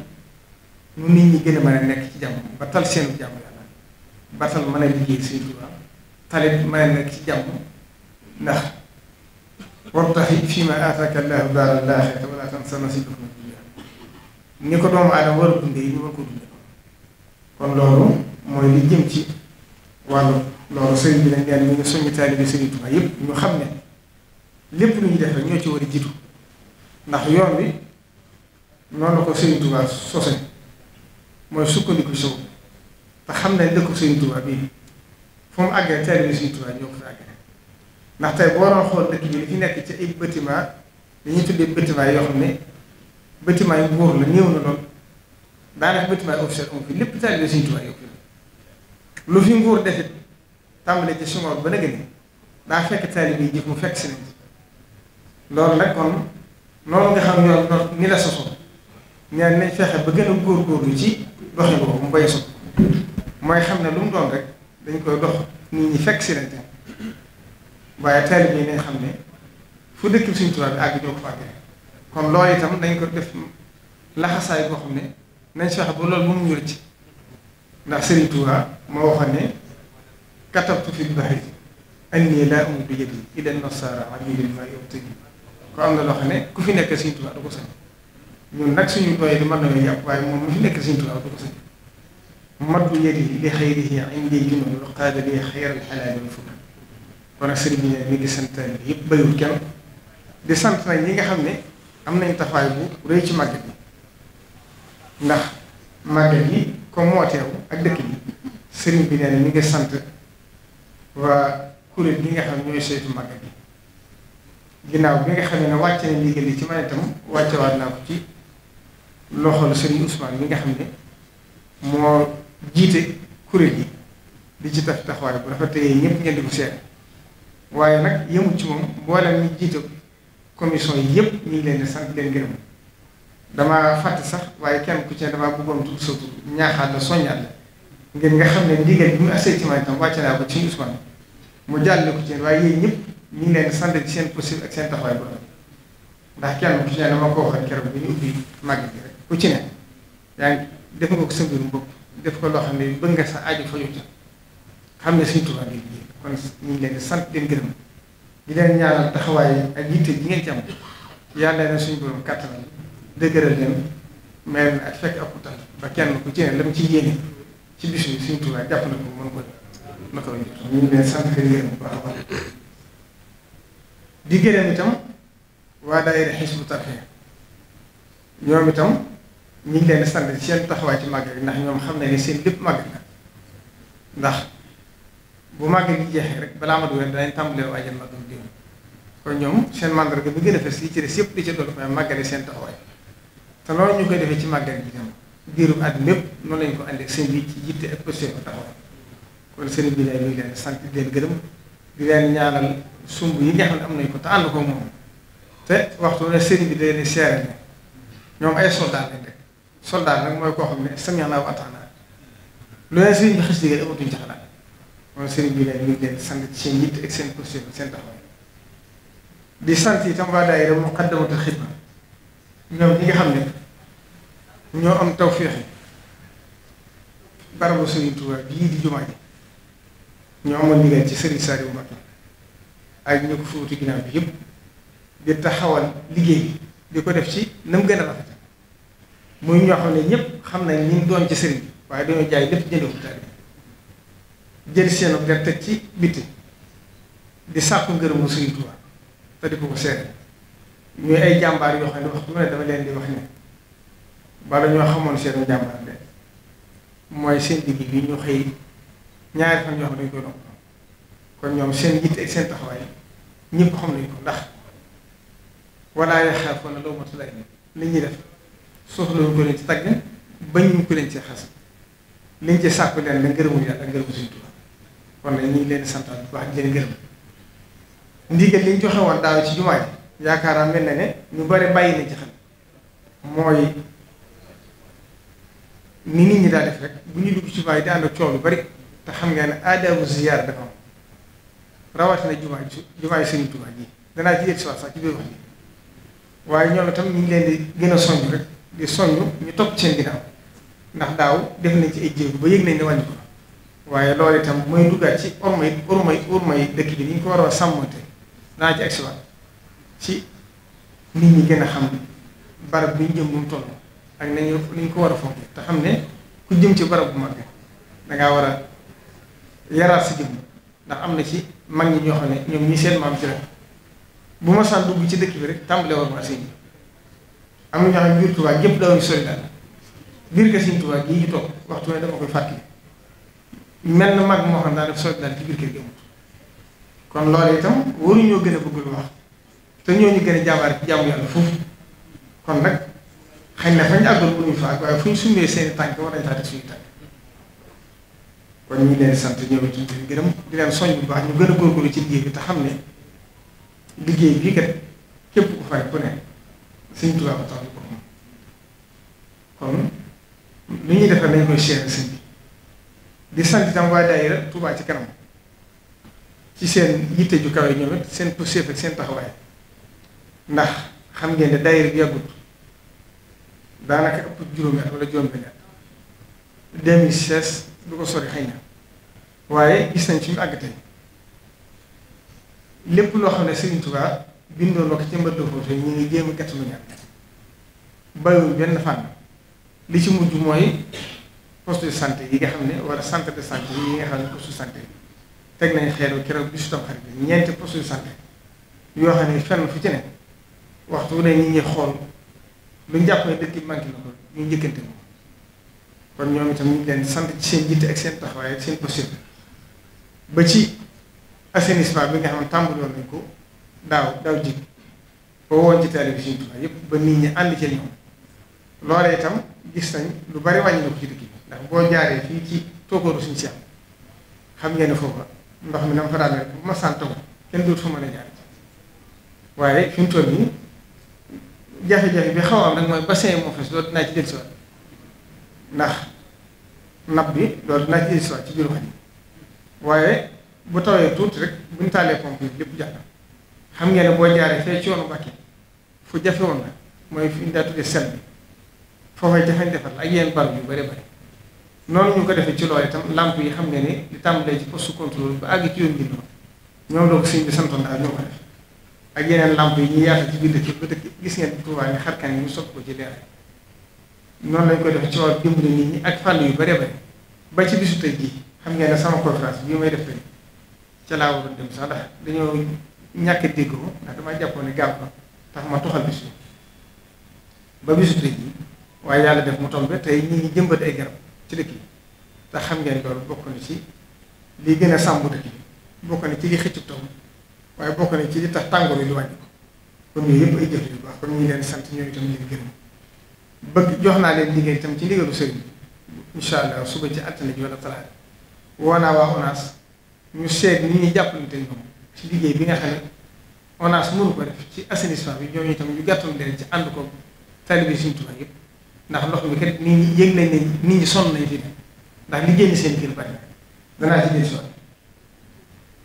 nu nit ñi gën nekk ci jàmm ba seenu jàmm yàlla ba tal mën a liggéey Sëriñ Tuubaa talit mën nekk ci jàmm ndax wartaxi fii ma aataaka llaahu daaral aaxirata wa laa ni ko doomu aadama war a dundee yi ñu war ko dundee kon loolu mooy li jëm ci wàllu loolu sëriñ bi nag nee ñu ngi soññi taalibe Sëriñ Tuubaa yépp ñu xam ne lépp lu ñu def rek ñoo ci war a jiitu ndax yoon bi noonu la ko Sëriñ Tuubaa sose mooy ni ko so ta xamne ne dëkku Sëriñ Tuubaa bii fu mu agge taalibe ni Tuubaa ñoo ñoko agge ndax tay bo ron xol dëkk bi fi nek ci ay bâtiment ni dañuy tuddé bâtiment yo xamne bâtiment yu wóor la ñew na lool daanaka bâtiment officiel on fi lépp ni taalibe Sëriñ yo yokku lu fi nguur defit tàmbale ci suma ba na gëni da fekk taalibe bi jëf mu fekk si nañ loolu nag kon noonu nga xam ñoo ni la sosoo ñaan nañ fexe ba gëna goor goor lu ci doxin boobu mu bañ a mooy xam ne lu mu doon rek dañ koy dox nit ñi fekk si lañ waaye taalib yi nañ xam ne fu dëkk suñ tubaab bi àgg ñoo ko fàggee kon loolu itam dañ ko def laxasaay boo xam ne nañ fexe ba loolu moom ñu rëcc ndax Serigne Touba moo waxoon ne katabtu fil bahri anni laa amudu yadi ila nasara abidil ma yobtagi ko am na loo xam ne ku fi nekk Serigne Touba du ko sañ ñun nag suñu doy di mën nañu yàpp waaye moom mu fi nekk Sëriñ Tuubaa du ko sañ yi yadihi li xayrihi indi junoon lu qaada li xayral kon mi ngi sant yëpp bayul kenn di sant nga xam ne am nañ taxawaay bu rëy ci màggat ndax màggat yi comme moo ak dëkk bi sëriñ bi nee na mi ngi sant waa kuréel gi nga xam ñooy saytu màggat yi ginnaaw bi nga xam ne wàcce nañ liggéey li ci man wàcce wàccewaat naa ko ci loxol Serigne Ousmane mi nga xam ne moo jiite kuréel yi di ci taf taxawaay bu rafet tey ñëpp ngeen di ko seet waaye nag yëmut ci moom mboolem ñi jiite commission yi yëpp ñu ngi leen di sant leen gërëm damaa fàtte sax waaye kenn ku ci damaa bëggoon tudd sa tur ñaaxaat la ngeen nga xam ne ndigal bi mu naa ko ci Ousmane mu jàll ko ci ñëpp ñu ngi leen sant ci seen possible ak seen taxawaay bu ndax kenn ku ci dama ko waxoon keroog bi ñu ubbi màgg bi rek. ku ci ne yaa ngi def nga ko sa mbirum bopp def ko loo xam ne bëgg nga sa aajo faju ca xam ne suñu Tuubaa bi kon ngi leen di sant di leen gërëm di leen ñaanal ak yitte ji ngeen ci yàlla na suñu borom kàttanal dëgëral leen may ak fekk ak kenn ku ci ne la mu ci yéene ci bis bi suñu Tuubaa na ko na ko ñu ngi leen sant di leen bu baax di gërëm itam waa daayira Hizbut Tarqiyyah ñoom itam. ñu ngi leen sant seen taxawaay ci màggal ndax ñoom xam nañ ne seen lépp màggal ndax bu màggal gi jeexee rek balaa ma dugal danañ tàmbalee waajal màggal diw kon ñoom seen mandarga bi gën a fes yi ci des yëpp di ca doon mooy màggale seen taxawaay te loolu ñu koy defee ci màggal gi tam at mépp noonu lañ ko àndee seen bi ci yitte ak posté kon sëriñ bi daal ñu leen sant di leen gërëm di leen ñaanal sumb yi nga xam ne am nañ ko te ànd ko moom te waxtu ne sëriñ bi da leen seere ñoom ay soldat lañ rek soldat nak mooy koo xam ne sami naa wa ataanaa lu leen sëriñ bi xas digal amatuñ ci xalaat moom sëriñ bi leen ñu ngi leen sant ci seen yitt ak seen position seen taxawaay di sant itam waa daayira Muqaddamatul Xidma ñoom ñi nga xam ne ñoo am tawféex barabu sëriñ Touba bii di jumaa ji ñoo amoon liggéey ci sëriñ Saliou Mbacké ak ñu ko fi wuti ginnaaw bi yëpp di taxawal liggéey di ko def ci na mu gën muy ñoo xam ne ñëpp xam nañ ñu doon ci sëriñ bi waaye dañoo jaay lépp jënd ko taalibe jël seen der teg ci bitti di sàkku ngërëmu Sëriñ Tuubaa te di ko ko seere ñuy ay jàmbaar yoo xam ne waxtu ne dama leen di wax ne bala ñoo xamoon seen jàmbaar de mooy seen digg bi ñu xëy ñaari fan yoo xam ne dañ koy doon kon ñoom seen yitte ak seen taxawaay ñëpp xam nañ ko ndax walla yaxaafoona lawmata laa'im li ñuy def soxlawuñ ko leen ci tagg bañuñ ko leen ci xas liñ ci sàkku leen la ngërëmu yàlla ngërëmu Sëriñ Tuubaa kon nag ñu ngi leen di santaat bu baax di leen gërëm ndigal liñ joxe woon daaw ci jumaa ji yaakaaraam mel na ne ñu bari bàyyi nañ ci xel mooy ni nit ñi daa def rek bu ñu dugg ci jumaa yi di ànd ak coow lu bari te xam nga ne aadaabu ziyaar dafa am rawatina jumaa ji jumaa yi Sëriñ Tuubaa ji danaa ci yëg si waat sax ci biir wax ji waaye ñoom itam ñu ngi leen di gën a soññ rek. di soññ ñu topp seen ginnaaw ndax daaw def nañ ci ay jéego ba yëg nañ ne wàññi ko waaye loolu itam mooy duggaat ci orma yi orma yi orma yi dëkk bi ni ñu ko war a sàmmante naa ci agsi waat ci nit ñi gën a xam barab bi ñu jëm bu mu ak nañu ñu ko war a fonk te xam ne ku jëm ci barab bu mag da ngaa war a yaraat si jëm ndax am na ci mag ñi ñoo xam ne ñoom ñi seen maam ci bu ma sànn dugg ci dëkk bi rek tàmbale war ma seen am na ñoo xam ne biir Tuubaa yëpp daaw yu sori daal biir kër Sëñ Tuubaa gii ñu toog waxtu ne dama koy fàttali mel na mag moo xam daa def sori ci biir kër gi kon loolu itam waruñoo gën a bëgg lu wax te ñooñu gën a jàmbaar ci jàmm yàlla foofu kon nag xëy na fañ àggal bu ñu fa ak waaye fu ñu sumee seen tànk war nañ faa def suñu tànk kon ñu leen sant ñoom itam di leen gërëm di leen soñ bu baax ñu gën a góorgóorlu ci liggéey bi te xam ne liggéey bii kat sëñ Tuubaa ko tax di ko moom kon lu ñuy defar nañ koy seere sëñ bi di sant itam waa daayira Tuubaa ci kanam ci seen yitte ju kawe yi it seen pëseef ak seen taxawaay ndax xam ngeen ne day bi yàggut daanaka ëpp juróomi at wala juróom-benn at 2016 du ko sori xëy waaye gis nañ fi mu àgg tey lépp loo xam ne Sëriñ Tuubaa bindoon na ko ca mbënd foofu ñu ngi jéem a gàtt lu ñaar benn fànn li ci mujj mooy poste de santé yi nga xam ne wala centre de santé yi nga xam ne poste de santé teg nañ xeeru keroog bisu tam xarit bi ñeenti poste de santé yoo xam ne fenn fu ci ne waxtu ne ñu ngi xool lu ñu jàpp ne dëkk bi manqué na ko ñu njëkkante ko kon ñoom itam ñu ngi leen sant ci seen jiite ak seen taxawaay ak seen possible ba ci assainissement bi nga xam ne tàmbaloon nañ ko. daaw daaw jig ba woon ci taalibe Sëriñ Tuubaa yëpp ba nit ñi ànd ci ñoom loolee itam gis nañ lu bari wàññi na ko ci dëkk bi ndax boo jaaree fii ci tookooru suñu seex xam ngeen ne foofa ndox mi na fa daan rek bu ma saan taw kenn dootu fa jaar waaye fi mu toll nii jafe-jafe bi xaw am rek mooy bassin moo fees ci dellusiwaat ndax napp bi loolu dinaa ci ci biir wax ji waaye bu tawee tuuti rek buñ ñu taalee pompe yi lépp jàpp xam ngeen ne boo jaaree fee ci yoonu Mbàkke fu jafe woon nag mooy fu ñu daa tuddee sel bi foofee jafe defar la ak yeneen barab yu bëri noonu ñu ko defee ci loolu itam yi xam ngeen ne li tàmbalee ci su contrôle ba àgg ci yoon bi ñoom la ko sëñ bi santoon daal ñoo ko def ak yeneen làmp yi ñu yaatu ci biir dëkk ba dëkk gis ngeen bi Tuubaa ni xarkan yi ñu sopp ko ci leer noonu lañ ko def ci wàllu dimbali nit ak fànn yu bare bare ba ci bisu tey jii xam ngeen ne sama conférence bii may def tey ca laa waroon dem sax ñàkk dégg ko ndax dama jàppoon ne gaaw ko tax ma toxal bisu ba bisu tey yi waaye yàlla def mu tombe tey ñu ngi jëmbat ay garab ci dëkk yi tax xam ngeen loolu bokk na ci li gën a sàmm dëkk yi bokk na ci li xëccu taw waaye bokk na ci li tax tàngoor yi lu wàññi ko kon yooyu yëpp ay jëf yu baax kon ñu leen sant ñoo itam ñu ngi bëgg jox naa leen liggéey itam ci ndigalu sëriñ incha allah suba ci àttana ji wala talaat woo naa waa ONAS ñu seet ni ñuy jàppalante ñoom ci liggéey bi nga xam ne ONAS mënu ko def ci assainissement bi ñooñu itam ñu gàttal leen ci ànd ko taalibe Sëriñ Tuubaa yëpp ndax ndox mi kat nit ñi yëg nañ ne nit ñi sonn nañ fi ndax liggéey ni seen kër bari danaa ci des waat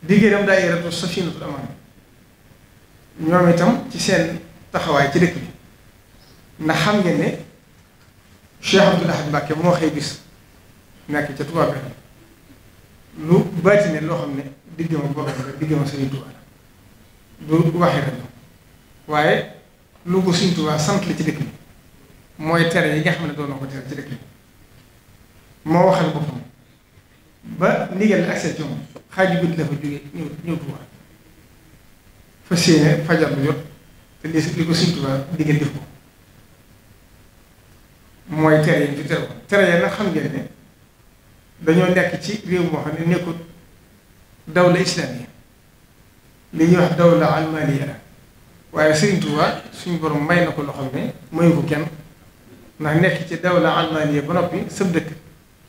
liggéeyam daa yoratu Safinatul Amaan ñoom itam ci seen ci dëkk bi ndax xam ngeen ne Cheikh Abdoul Ahad Mbacké moo xëy bis nekk ca Touba lu baati ne loo xam ne. diggam ak borom rek diggam ak Sëriñ Tuubaa du waxee rek waaye lu ko Sëriñ Tuubaa sant la ci dëkk bi mooy tere yi nga xam ne doon na ko tere ci dëkk bi moo waxal boppam ba ndigal accès ci moom xaaju guddi la fa jógee ñëw ñëw Tuubaa fas yéene fajar bu jot te li li ko Sëriñ Tuubaa digal def ko mooy tere yi fi tere ko tere yi nag xam ngeen ne dañoo nekk ci réew moo xam ne nekkut dawla islaamiya li ñuy wax dawla la waaye Sëriñ Tuubaa suñu borom may na ko loo xam ne mayu ko kenn ndax nekk ci daw dawla almaliya ba noppi sëb dëkk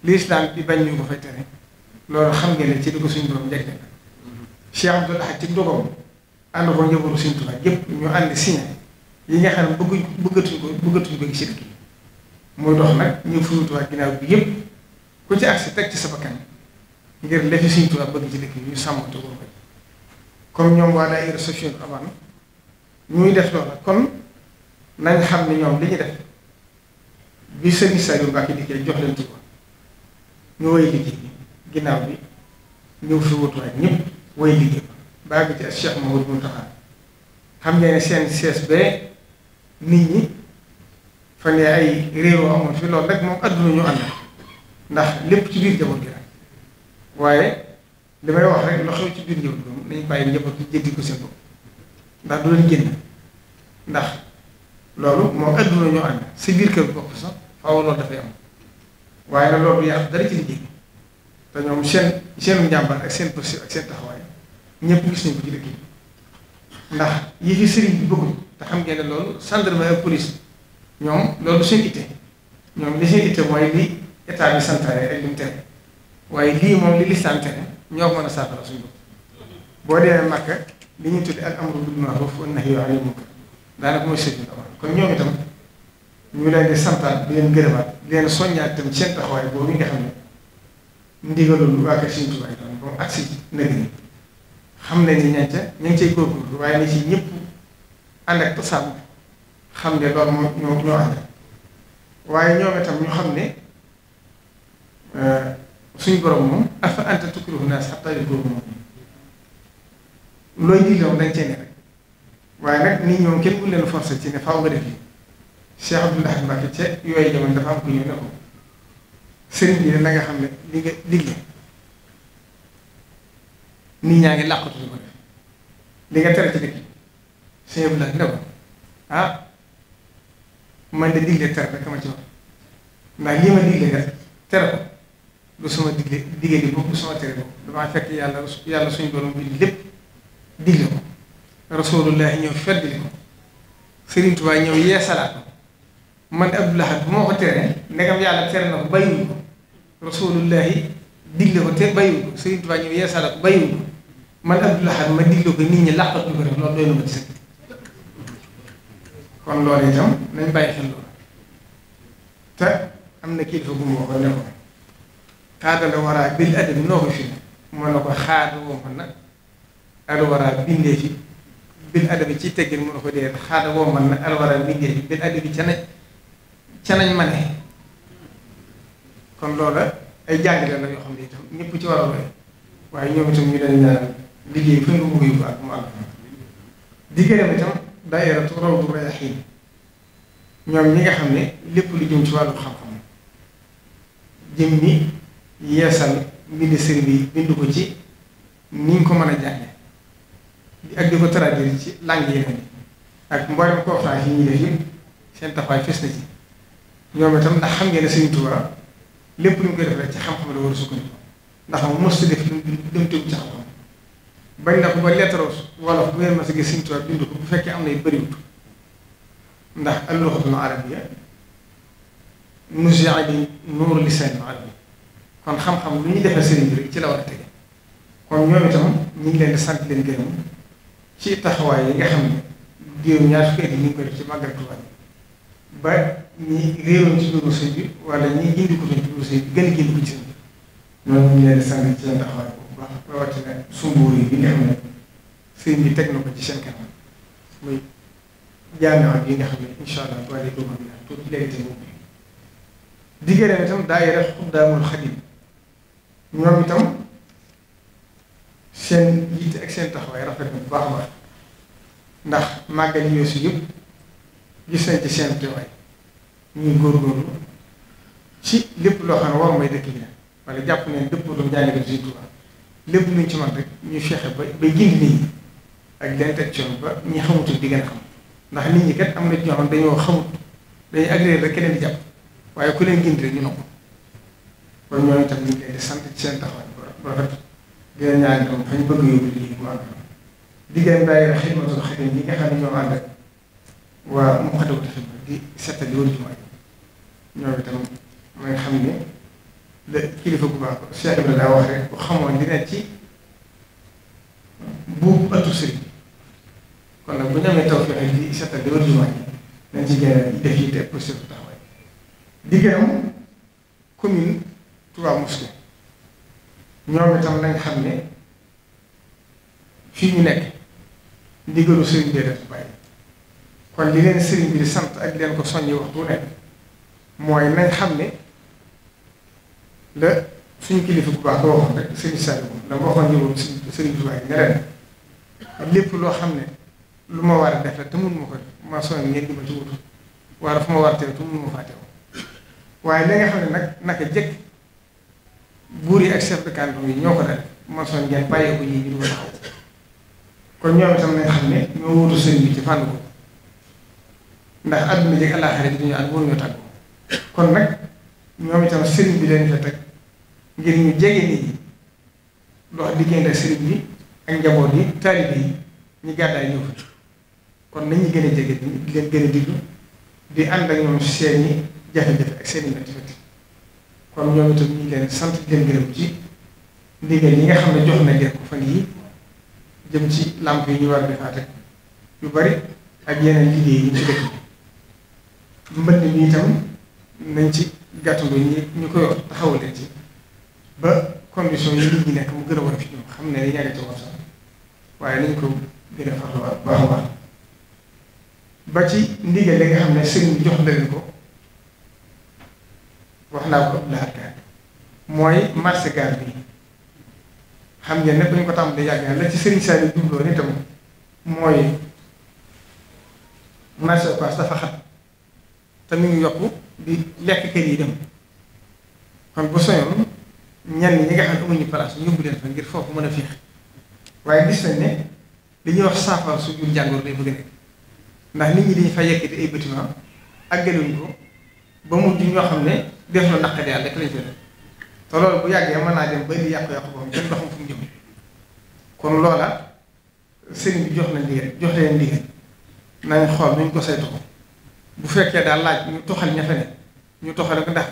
li islam bi bañ ñu ko fay tere loolu xam nga ne ci di ko suñu borom njëkk na Cheikh Abdoul Ahad ci dogoom ànd ko njabootu Sëriñ Tuubaa yépp ñu ànd signé yi nga xam ne bëgguñ bëggatuñ ko bëggatuñ ko gis dëkk yi muy dox nag ñu furutuwaat ginnaaw bi yépp ku ci agsi teg ci sa ngir lefi Sëriñ Tuubaa bëgg ci dëkk bi ñu sàmm te ko comme ñoom waa daayira Safinatul Amaan ñuy def loola kon nañ xam ne ñoom li ñu def bi Sëriñ Saliou Mbacke dikkee jox leen Tuubaa ñu woy liggéey bi ginnaaw bi ñëw fi wutuwaay ñëpp woy liggéey ba bàyyi ci ak Cheikh Mamadou Mountakha xam ne seen CSB nit ñi fan ay réew amoon fi loolu rek moom àdduna ñu ànd ndax lépp ci biir jamono waaye damay wax rek lu xew ci biir njaboot moom nañ bàyyi njaboot bi jéggi ko seen bopp ndax du leen génn ndax loolu moo adduna ñoo ànd si biir kër bopp sax faaw loolu dafay am loolu yàq dara te ñoom seen seen njàmbaar ak seen posture ñëpp gis nañ ko yi ndax yi fi sëriñ bi te xam ngeen ne loolu gendarmerie ak police ñoom loolu seen itte ñoom li seen itte mooy li état bi santaane ak li mu tere waaye lii moom li lislaam tere ñoo mën a saafara suñu bopp boo demee Makka li ñu tuddi al amru bil ma'ruf wa nahyu anil munkar daanaka mooy sëñ bi leen di santaat di leen gërëmaat di leen nga xam ne ndigalul waa kër Sëñ Tuubaa itam xam nañ ni ña ngi cay góorgóorlu waaye ni ci ñëpp ànd ne loolu moo ñoom itam ñu xam ne. Euh, suñu borom moom afa anta tukrihu naas xataa yu'minu moom looy digle moom dañ cee ne rek waaye nag nit ñoom kenn bu leen forcer ci ne faaw nga def lii Cheikh Abdoulaye Mbacke ca yooyu jamono dafa nga xam ne li nga digle nit ñaa ngi làqatu ko def li nga tere ci dëkk Cheikh Abdoulaye ne ko ah, man de digle tere rek ma ci wax ndax lii ma digle nga tere ko. du suma digg digle di bopp du sama tere bopp damaa fekk yàlla yàlla suñu borom bi lépp digle ko rasulullahi ñëw feddli ko Sëriñ Tuubaa ñëw yeesalaat ko man Abdul bu ma ko teree ndegam yàlla tere na ko bàyyiwul ko rasulullahi digle ko te bàyyiwul ko Sëriñ Tuubaa ñëw yeesalaat ko ko man Abdul Ahad ma digle ko nit ñi làqatu ko rek loolu doy na ma ci kon loolu itam nañ bàyyi xel loolu te am na kilifa gu mu waxoon ne ko هذا لو وراء بالأدب نوفي ما لو خادو منا لو وراء بيني بالأدب جيت جل من خدير خادو منا لو وراء بيني بالأدب كنا كنا من كن لولا أجاك لنا يا خميت نبتي وراء وين يوم تميلنا بيجي فين هو يبقى ما ديجي يا مثلا دائرة طول عمره يحين نعم نيجي خمني لبلي جم توالو خمكم جمني yeesal ministre bi bind ko ci niñ ko mën a jànge ak di ko traduire ci langue yeneen yi ak mboolem conférence yi ñuy def yëpp seen taxawaay fes na ci ñoom itam ndax xam ngeen ne Sëriñ Tuubaa lépp lu mu koy def ci xam-xam la war a sukkandiku ndax mu mës def lu mu na ko ba lettre wolof bu ngeen mës gis Sëriñ Tuubaa bind ko bu fekkee am nay bëriwut ndax al ak al-arabiyya nuuri lisaanil arabiyya kon xam-xam lu ñuy defee sëriñ bi rek ci la war tege kon ñoom itam ñu ngi leen di sant leen gërëm ci taxawaay yi nga xam ne diiru ñaar fukki at yi ñu ngi def ci màggal Tuubaa ba ñi ñi ko ci biiru bi gën a gindi ko ci sëñ bi ñoom ñu ngi ci seen taxawaay bu baax rawatina sumbuur yi bi nga xam ne sëriñ bi teg na ko ci seen kanam muy jaanawaat yi nga xam ne incha allah bu baax day doog a ñoom itam seen yitte ak seen taxawaay rafet bi bu baax a ndax màggal yi weesu yëpp gis nañ ci seen teewaay ñuy góorgóorlu ci lépp loo xam ne war may dëkk bi la wala jàpp neen dëpp lu jàngale Sëriñ Tuubaa lépp luñ ci man rek ñu fexe ba ba gindi nit ñi ak leen teg coono ba ñi xamutul di gën a xam ndax nit ñi kat am na ñoo xam dañoo xamut dañuy agréé rek keneen di jàpp waaye ku leen gindi rek ñu ne ko kon ñoom tamit ñu ngi leen di sant ci seen taxawaay bu rafet di leen ñaan itam fañ bëgg yóbbu liggéey bu ànd liggéeyam daayira Xidmatul Xadim ñi nga xam ne ñoo ànd ak waa mu xatawu te xidma di seetal yoonu jumaa ñoom itam ma nga xam ne la kilifa bu baax Cheikh Ibrahima daa wax rek bu xamoon li ne ci buubu ëttu sëriñ kon nag bu ñu amee taw fexe di seetal yoonu jumaa nañ ci génne def yi te pour taxawaay liggéeyam commune Touba Mosquée ñoom itam nañ xam ne fii ñu nekk ndigalu sëriñ bi def bàyyi kon li leen sëriñ bi di sant ak leen ko soññi wax bu nekk mooy nañ xam ne la suñu kilifa bu baax ba waxoon rek sëriñ Sadio moom dama waxoon ñëwoon sëriñ Touba yi ne ren lépp loo xam ne lu ma war a def la te mun ma ko def ma soññ ngeen di ma waaye dafa nga xam ne nag naka jëkk buur yi ak chef de canton yi ñoo ko def Mansour Ndiaye bàyyi ko ñii ñu dugg taxaw kon ñoom tam nañ xam ne ñoo wóotu sëriñ bi ci fànn ko ndax àdduna jëkk àllaaxira ji duñu at wóor ñu tàgg kon nag ñoom itam sëriñ bi ñu jege nit ñi dox diggante bi ak njaboot yi taalibe yi ñu gàddaay ñëw fa kon nañu gën a jege di leen gën a diglu di ànd ak ñoom seeni jafe-jafe ak seeni kon ñoom itam ñu ngi leen sant di leen gërëm ci ndigal yi nga xam ne jox na leen ko fan yi jëm ci làmp yi ñuy war a defaat ak yu bari ak yeneen liggéey yi ñu ci dëkk mbënd mi itam nañ ci gàttandu ñi ñu ko taxawu leen ci ba condition yi nit ñi nekk mu gën a war a fi ñoom xam ne yaa ngi ci war sax waaye nañ ko gën a farluwaat baax ba ci ndigal li nga xam ne sëriñ bi jox leen ko wax naa ko la arcade mooy marché gaar bi xam ngeen ne bu ñu ko tàmbalee yàgg na la ci Serigne Saliou jubloo ni tam mooy marché Ocass dafa xat te mu ngi yokk di lekk kër yi dem kon bu soñoon ñenn ñi nga xam ne amuñu place yóbbu leen fa ngir foofu mën a fiix waaye gis nañ ne li ñuy wax saafara su jur jàngoor day bëgg nekk ndax nit ñi dañu fa yekkati ay bâtiment àggaluñ ko ba mu di ñoo xam ne def na naqari yàlla rek lañ fi def te loolu bu yàggee mën naa dem ba indi yàqu-yàqu boobu kenn doxam fu mu jëm kon loola sëriñ bi jox na ndigal jox leen ndigal nañ xool nuñ ko saytu bu fekkee daal laaj ñu toxal ña fa ne ñu toxal ko ndax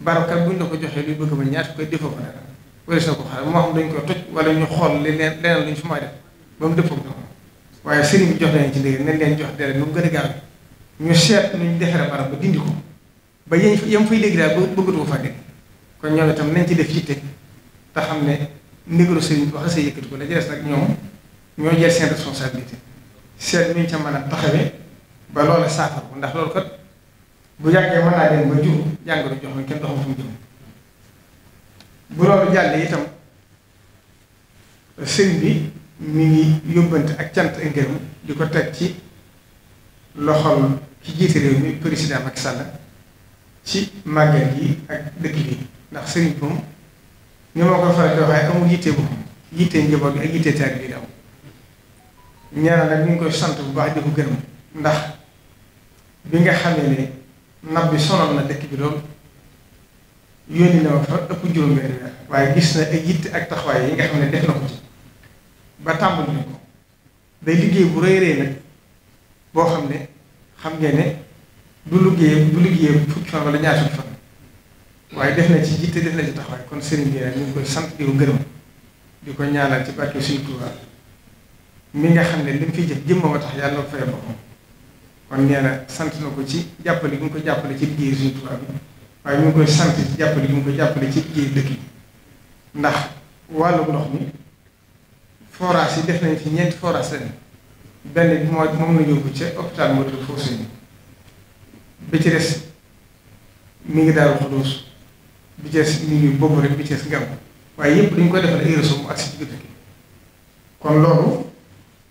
barabkat buñ la ko joxee luy bëgg ba ñaata koy defoo ko dara wala soo ko xale wala ñu xool li leen leneen luñ fi may def ba mu dëppoo jox leen ci nañ leen jox dara nu mu gën a gaaw ñu seet nuñ defaree barab ba dindi ko. ba yéen yam fay dégg daal bëggatu fa dégg kon ñoom itam nañ ci def yitte te xam ne ndigalu sëriñ wax sa yëkkati ko la jeex nag ñoom ñoo jël seen responsabilité seet ñu ca man a taxawee ba loola saafara ko ndax loolu kat bu yàggee mën naa dem ba jur jàngoro jox ko kenn doxam fu mu jëm bu loolu jàllee itam sëriñ bi mu ngi yóbbante ak cant ak ngërëm di ko teg ci loxol ci jiite réew mi président Macky Sall ci màggal gi ak dëkk bi ndax sëriñ bi moom ni ma ko faral di waxee amul yitte bu yitte njaboot bi ak yitte taal bi daw ñaar nag ñu ngi koy sant bu baax di ko gërëm ndax bi nga xamee ne nab bi sonal na dëkk bi doon yónni na ma fa ëpp juróom-benn waaye gis na ay yitte ak taxawaay yi nga xam ne def na ko ci ba tàmbali na ko day liggéey bu rëy rëy nag boo xam ne xam ngeen ne bu liggéeyee bu liggéeyee fukki fan wala ñaar fukki fan waaye def na ci jiite def na ci taxawaay kon sëriñ bi ñu ngi koy sant di ko gërëm di ko ñaanal ci barke suñu Tuubaa mi nga xam ne li mu fiy jëf jëmm ma tax yàlla na ko fayal boppam kon nee na sant na ko ci jàppale gi mu ko jàppale ci liggéey suñu Tuubaa bi waaye mi koy sant ci jàppale gi mu ko jàppale ci liggéey dëkk yi ndax wàllu ndox mi forage yi def nañ fi ñeenti forage lañ benn bi moom la yóbbu ca hôpital Matlaboul Fawzayni bi ci des mi ngi daal xudduus bi ci des mi ngi boobu rek bi ci des ngam waaye yëpp dañ koy ko ay réseau mu agsi kon loolu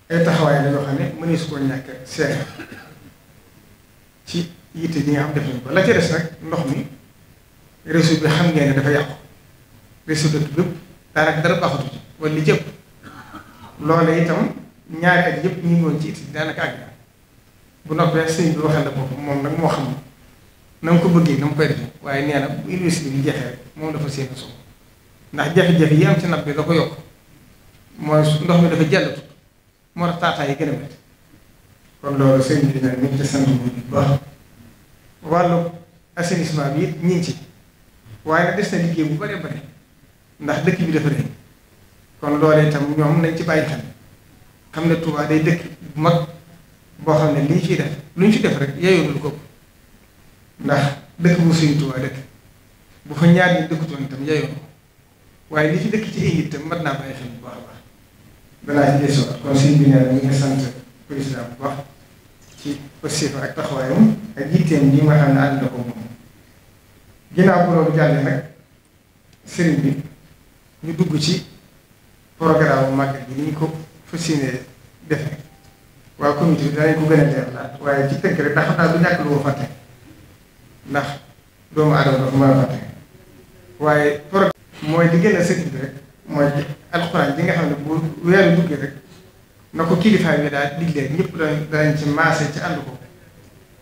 taxawaay la yoo xam ne mënees koo ñàkk seet ci yitte ji nga xam def nañ ko la ci des nag ndox mi resu bi xam ngeen ne dafa yàqu réseau dëkk bépp daanaka dara baaxatu ci wala li jëpp loolee itam ñaari at yëpp ñu ngi woon ci it daanaka àgg bu noppee sëñ bi waxal la boppam moom nag moo xam na mu ko bëggee na mu koy defee waaye nee na bu université bi jeexee moom dafa seen so ndax jafe-jafe yi am ci napp bi da ko yokk mooy ndox mi dafa jàllatu moo tax taataay yi gën a métti kon loolu sëñ bi nag ngi ci sant bu bu bëree bëri ndax dëkk bi dafa rëy kon loolee itam ñoom nañ ci bàyyi xel xam ne Touba day dëkk bu mag. boo xam ne li ñu ciy def lu ñu ci def rek yeyoo lu ko ndax dëkk bu Sëriñ Tuubaa dëkk bu fa ñaar ñi dëkkutoon itam yeyoo waaye li ci dëkk ci ay itam mat naa bàyyi xel bu baax a baax danaa ci desuwaat kon sëriñ bi ak taxawaayam ak yitteem xam ne ànd ko moom ginnaaw bu jàllee nag sëriñ bi ñu dugg ci programme màggal bi ni ñu ko fas def waa comité bi daañu ko gën a leeralaat waaye ci tënk rek ndax xam naa du ñàkk lu ma fàtte ndax doomu aadama dafa mën a fàtte waaye problème mooy li gën a sëkk rek mooy alxuraan bi nga xam ne bu weeru duggee rek na ko kilifaay bi daal diglee ñëpp dañ danañ ci maase ci ànd ko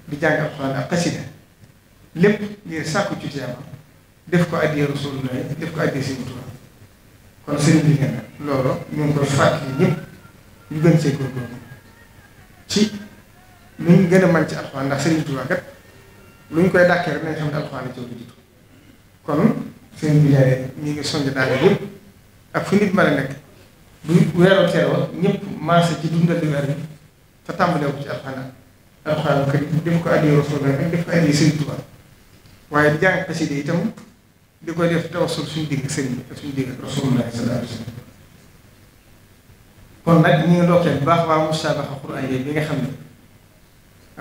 di jàng alxuraan ak xasida lépp ngir sàkku ci tiyaaba def ko ak addiya Rasulullah def ko addiya Sëriñ Tuubaa kon sëriñ bi nee na loolu ñu ngi koy fàttali ñëpp ñu gën see góorgóorlu ci nuñ gën a mën ci alxuraan ndax Serigne Touba kat luñ koy dàkkee rek nañ xam ne alxuraan ci ko jiitu kon seen bi nee ñu ngi sonj daal yëpp ak fu nit mën a nekk bu weeroo teeroo ñëpp maase ci dundal di weer bi te tàmbalee ko ci alxuraan alxuraan kër def ko addi Rasulullah ak def ko addi Serigne Touba waaye jàng xasida itam di ko def tawassul suñu digg sëriñ ak suñu digg ak Rasulullah sallallahu alayhi wa sallam kon nag ñu ngi ndokkee bu baax waa musaabaxa quraan bi nga xam ne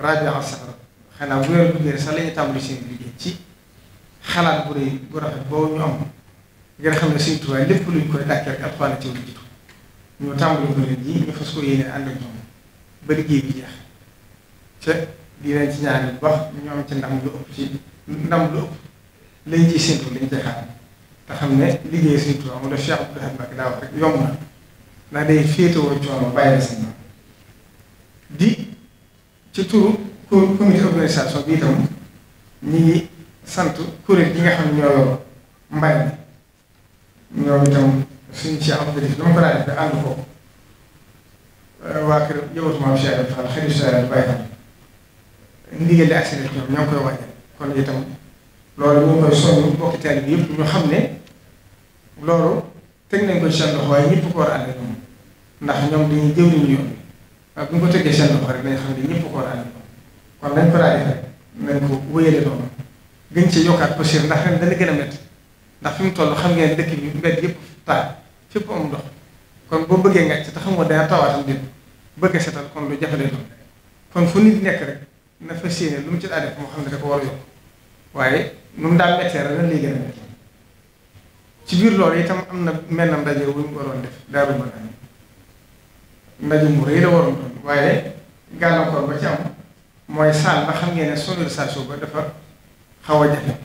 rajo Safar xanaa bu weer duggee sax la ñuy seen liggéey ci xalaat bu rëy bu rafet boobu ñu am nga xam ne Sëriñ Tuubaa lépp luñ koy dàkkee ci lu jiitu ñu tàmbali ko leen ji ñu fas ko yéene ànd ak ñoom te di ci bu baax ñu am ci ndam lu ëpp ci ndam lañ ciy xam ne liggéey Sëriñ Tuubaa mu def daa wax rek yomb na. ndax day féetewoo coono bàyyi la seen bopp di ci turu co comité organisation bi itam ñu sant kuréel gi nga xam ne ñoo yor mbay mi ñoom itam suñu ci am bëri dama ko daan def ànd ko euh, waa kër yowatu maam Cheikh Ibra Fall xëy na Cheikh Ibra Fall li ak ñoom ñoo koy waajal kon itam loolu ñu ngi koy soññ bi yëpp ñu xam ne loolu. teg nañ ko seen loxo waaye ñëpp ko war a ànd ndax ñoom dañuy jëw ni ñu yoon waaye bu ñu ko tegee seen loxo rek dañ xam ne ñëpp ko war nañ ko daal di rek nañ ko wéyale noonu gën ci yokkaat pêcheur ndax ren dana gën na métti ndax fi mu toll xam ngeen dëkk bi mbedd yëpp taal fépp am ndox kon boo bëggee nga ci te xam nga dana tawaatam dén bëgg setal kon lu jafalee doon kon fu nit nekk rek na fas yéene lu mu ci daal def moo xam ne da ko war a yokk waaye nu mu daal méttee rek lan lay a ci biir loolu itam am na mel na ndaje bu waroon def daaru mën naa ndaje mu rëy la waroon waaye gàllankoor ba ci am xam ngeen ne sonorisation ba dafa xaw a jafe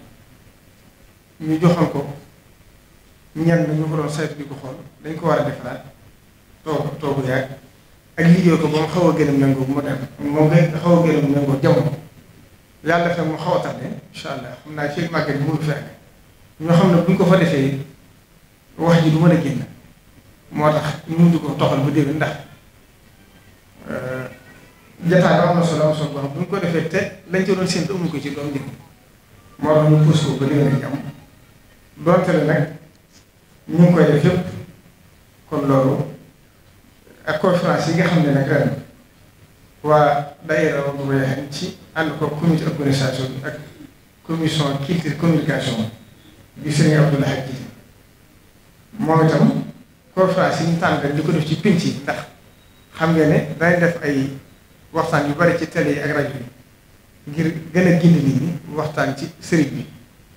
ñu joxoon ko ñenn ñu ko doon saytu di xool dañ ko war a defaraat toog toogu yàgg ak liggéey ko ba mu xaw a gën a méngoo dem moom nga xaw a gën a méngoo jamono yàlla def mu xaw a tardé allah xam naa ci màggal bi mënu fi ñoo xam ne buñ ko fa defee wax ji du mën a génn moo tax ñu di ko toxal bu dégg ndax euh, jataay ba am na solo boo xam bu ñu ko defee te lañ ci doon séntu amuñ ko ci doom njëkk moo tax ñu pousse ko ba dégg nañ am donte ne nag ñu ngi koy def yëpp kon loolu ak conférence yi nga xam ne nag ren waa daayira bu ba yaxam ci ànd ko comité organisation bi ak commission culture communication bi Serigne Abdoulaye ak moom itam conférence yi ñu tànn di ko def ci pinc yi ndax xam nga ne day def ay waxtaan yu bari ci télé yi ak rajo yi ngir gën a gindi nit ñi waxtaan ci sëriñ bi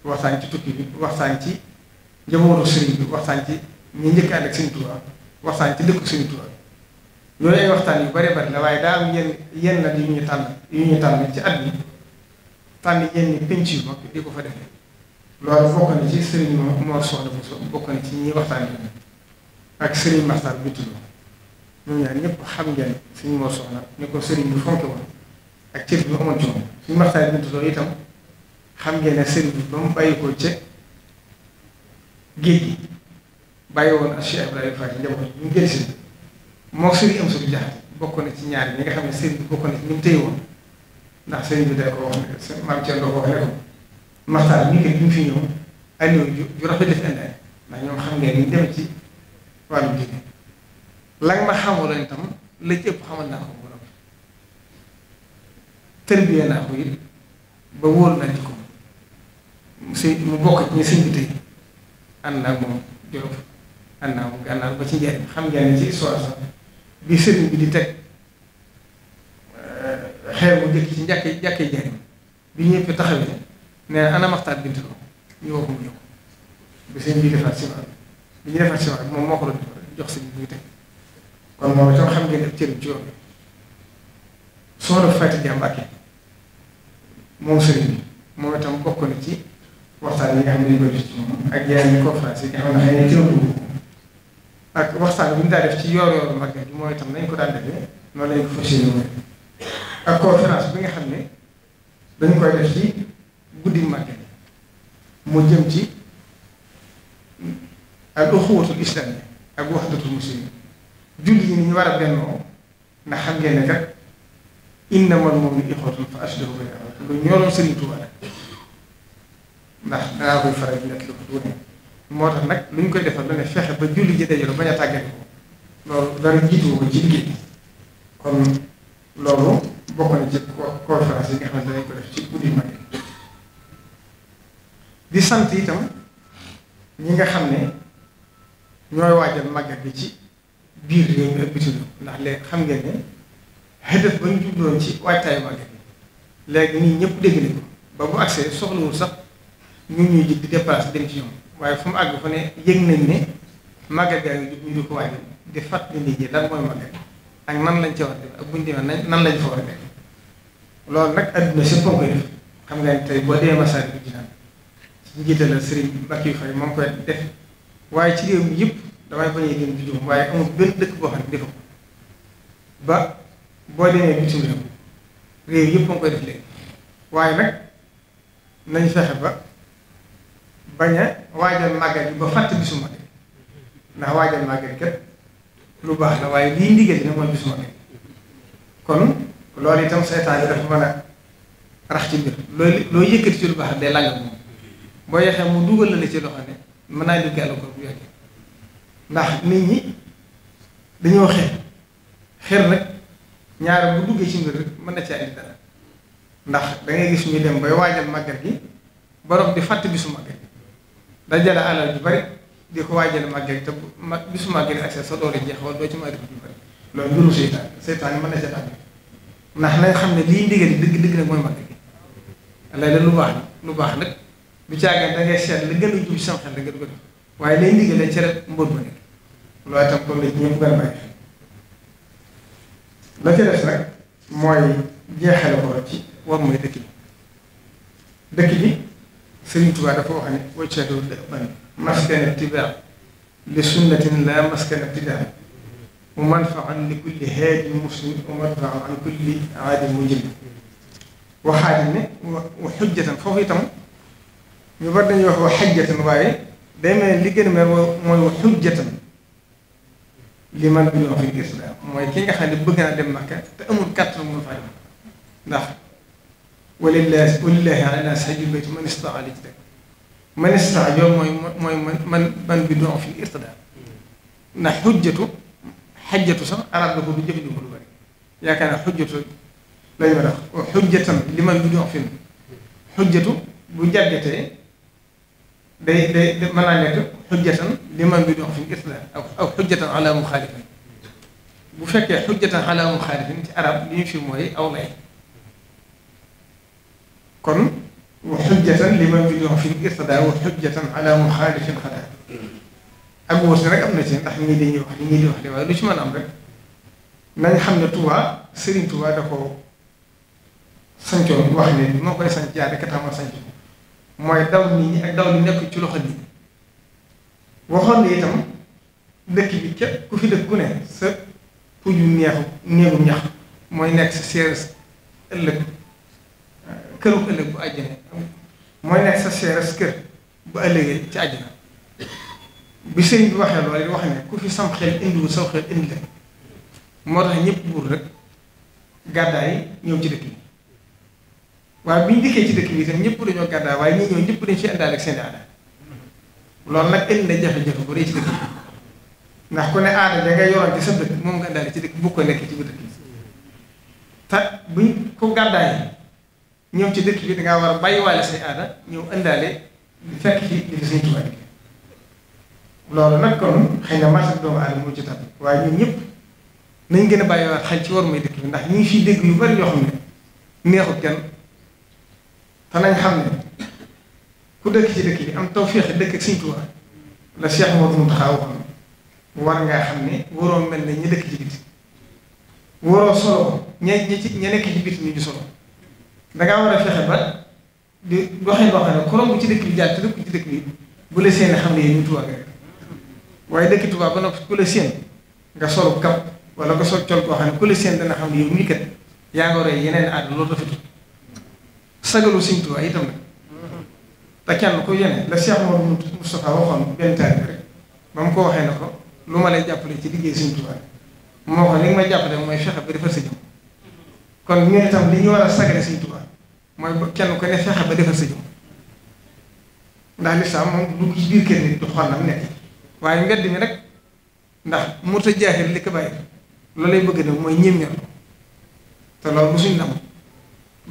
waxtaan ci tukki bi waxtaan ci njabootu sëriñ bi waxtaan ci ñi njëkk ànd ak Sëriñ Tuubaa waxtaan ci dëkku Sëriñ Tuubaa loolu ay waxtaan yu bari bari la waaye daa am yenn yenn nag yu ñu tànn yu ñu tànn ci at bi tànn yenn pinc yu mag di ko fa defee loolu bokk na ci Serigne Mor Soxna Bousso bokk na ci ñi waxtaan ak Serigne Makhtar bi tudd ñoom ñaar ñëpp xam ngeen Serigne Mor Soxna ne bi fonk woon ak cër bi mu amoon ci moom suñu itam xam ngeen ne Serigne bi ba mu bàyyi ko ca géej gi bàyyi woon ak Cheikh Ibrahima Fall am suñu jaxat bokk na ci ñaar ñi nga xam ne Serigne bi bokk na ci ñi mu woon ndax Serigne bi day ko wax ne ko wax ne Maxtaar ñu ngi fi ñëw Aliou ju ju rafet la fi ndax ñoom xam ngeen ni dem ci wàllu jiite lan ma xamaloon la ci ëpp xamal naa ko bu ko it ba wóor naa ci ko si mu bokk ci ñi sëñ bi tey ànd naa moom Jolof ànd naa moom gànnaar ba ci njëriñ xam ngeen ci histoire sax bi sëriñ bi di teg eh, xeer bu njëkk ci njàkk njàkk njëriñ bi ñëpp taxawee. nee na ana maxtaat bint loo bi defaat ciment moom moo ko jox sëñ bi kon moom itam xam ngeen ak cëriñ ci yoon bi soo def fàtte jàmbaake moom sëriñ bokk na ci waxtaan yi nga xam ne ñu koy def ci moom ak yeneen conférence yi nga xam ne xëy def ci yoor yooru mag bi mooy itam nañ ko daan defee noonu lañ ko fas yéene ak conférence bi nga xam ne dañ koy def ci guddi màggal mu jëm ci al uxuwatul islaami ak waxdatul muslimin julli yi ni war a bennoo ndax xam ngeen ne kat innamal mu'minu ixwatun fa aslihu bayna axawaykum loolu ñoo doon Sëriñ Tuubaa nag fa dangaa koy faral di ko duune nag lu ñu koy defal lu ne fexe ba julli ji dajaloo bañ a tàggale ko loolu dara jiitu ko ci liggéey bokk na ci conférence yi nga xam ne danañ ko def ci guddi màggal di sant itam ñi nga xam ne ñooy waajal màggat bi ci biir réew mi ak bitim ndax léegi xam ngeen ne xëdëf ba ñu jubloon ci waajtaayu màggat bi léegi nii ñëpp dégg nañ ko ba bu agsee soxlawul sax ñu ñuy jig di déplacé dem ci ñoom waaye fu mu àgg fa ne yëg nañ ne màggat gaa ngi jub ñu di ko waajal di fàttali nit ñi lan mooy màggat ak nan lañ ca war a def ak bu ñu demee nan lañ fa war a def loolu nag adduna si ponk def xam nga ne tey boo demee masaari bi dinaan njiitalal sëriñ Mbackiou fa moo ngi koy def waaye ci réew mi yëpp damay bañ a lim waaye amul benn dëkk boo xam ne defu ba boo demee bitim réew réew yëpp moo koy def léegi waaye nag nañ fexe ba bañ a waajal màggal bi ba fàtte bisu mag ndax waajal màggal kat lu baax la waaye lii ndigal dina mooy bisu mag kon loolu itam seytaan yi dafa mën a rax ci mbir loolu loo yëkkati ci lu baax day làngal moom boo yaxee mu dugal la ci loxo ne mën naa jur gàllankoor bu yàggee ndax nit ñi dañoo xeer xeer nag ñaar bu duggee ci mbir rek mën na ci ay ndax da gis ñuy dem bay waajal màggal gi borom di fàtt bisu màggal gi dajale alal ju bari di ko waajal màggal gi te ma bisu màggal gi ak sa doole jeex wala doo ci mën bi def ju bari loolu mbiru seytaan seytaan yi mën na ca tàbbi ndax nañ xam ne lii ndigal dëgg dëgg nag mooy màggal gi lay la lu baax lu baax nag du caagee da ngay seet la gën a jub sam xel da nga dugal waaye lay ndigalee ci rek mbóot ma nekk loolu itam kon la ñëpp gën a bàyyi la ca des nag mooy jeexale ko ci war mooy dëkk bi dëkk bi Sëriñ Tuubaa dafa wax ne wacceetoo dëban maskana tibaa li sunnatin la maskana tibaa wa manfaan li kulli haadi muslim wa manfaan an kulli aadi mujrim waxaati ne wa xujjatan foofu itam يبرد يحوى حجة مباي دائما لكن ما ما حجة لمن بلغ في الإسلام ما يكين خلي بقنا دم مكة تأمر كتر من فعل نح ولله ولله على سيد البيت من استطاع لجده من استطاع يوم ما ما من من بلغ في الإسلام نحجة حجة سما أرادوا بجيب دخول بري يا كان حجة لا يبرخ وحجة لمن بلغ في حجة بجدته day day mën naa nekk xujjatan li man bi dox fi islam aw aw xujjatan ala muxaalifin bu fekkee xujjatan ala muxaalifin ci arab li ñu fi mooy aw lay kon wa xujjatan li man bi dox fi istada wa xujjatan ala muxaalifin xadaa ak wóor si rek am na ci ndax ñii dañuy wax li ñii di wax li waaye lu ci mën a am rek nañ xam ne Touba Serigne Touba da ko sancoon wax ne moo koy sanc jaare katama sanc mooy daw nit ñi ak daw ñi nekk ci loxo nit waxoon na itam dëkk bi képp ku fi dëkk ku ne sa puju neex néegu ñax mooy nekk sa seere ëllëg këru ëllëg bu àjjana mooy nekk sa seere kër bu ëllëgee ci àjjana bi sëriñ bi waxee loolu wax ne ku fi sam xel indi wu sam xel indi la moo tax ñëpp buur rek gàddaay ñëw ci dëkk bi waaye bu ñu dikkee ci dëkk bi itam ñëpp dañoo gàddaa waaye ñi ñëw ñëpp dañ ci àndaale ak seen aada loolu nag indi na jafe-jafe bu dee ci dëkk bi ndax ko ne aada da ngay yoroon ci dëkk moom nga àndaale ci dëkk bu ko nekk ci bu buñ ko gàddaay ñëw ci dëkk bi dangaa war a bàyyiwaale say aada ñëw àndaale di fekk ci di fi suñu tubaab loolu nag kon xëy nga marché doomu aadama moo ci tàbbi waaye ñun ñëpp nañ gën a bàyyiwaat xay ci war mooy dëkk bi ndax ñu ngi fiy dégg yu bari yoo xam ne neexut kenn te nañ xam ne ku dëkk ci dëkk bi am tawféex dëkk ak Sëñ Tuubaa la Cheikh Modou Mountakha waxoon war ngaa xam ne waroo mel ne ñi dëkk ci biti waroo solo ña ña ci ña nekk ci biti ñu fexe ba di doxee loo xam ne ci dëkk bi jaar te dëkk ci dëkk bi bu la seen xam ne yéen ñu rek waaye dëkk Tuubaa ba noppi ku la seen nga solo kap wala nga sol col koo xam ne ku la seen dana xam ne yow mii kat yaa nga roy yeneen aada loolu rafetul sagalu Sëñ Tuubaa itam nag te kenn ku yéene la Cheikh Mouhamadou Moustapha waxoon benn taalibe rek ba mu ko waxee na ko lu ma lay jàppale ci liggéey Sëñ Tuubaa moo ko li may jàppale mooy fexe ba defar sa jëm kon ñun ñu war a mooy kenn ko ne fexe ba defar sa jëm ndax lislaam moom dugg biir kër nit du xool na mu nekk waaye mbedd mi nag ndax mu ta jaaxir li ko bàyyi loolu lay bëgg nag mooy ñéem ñor te loolu suñ ndam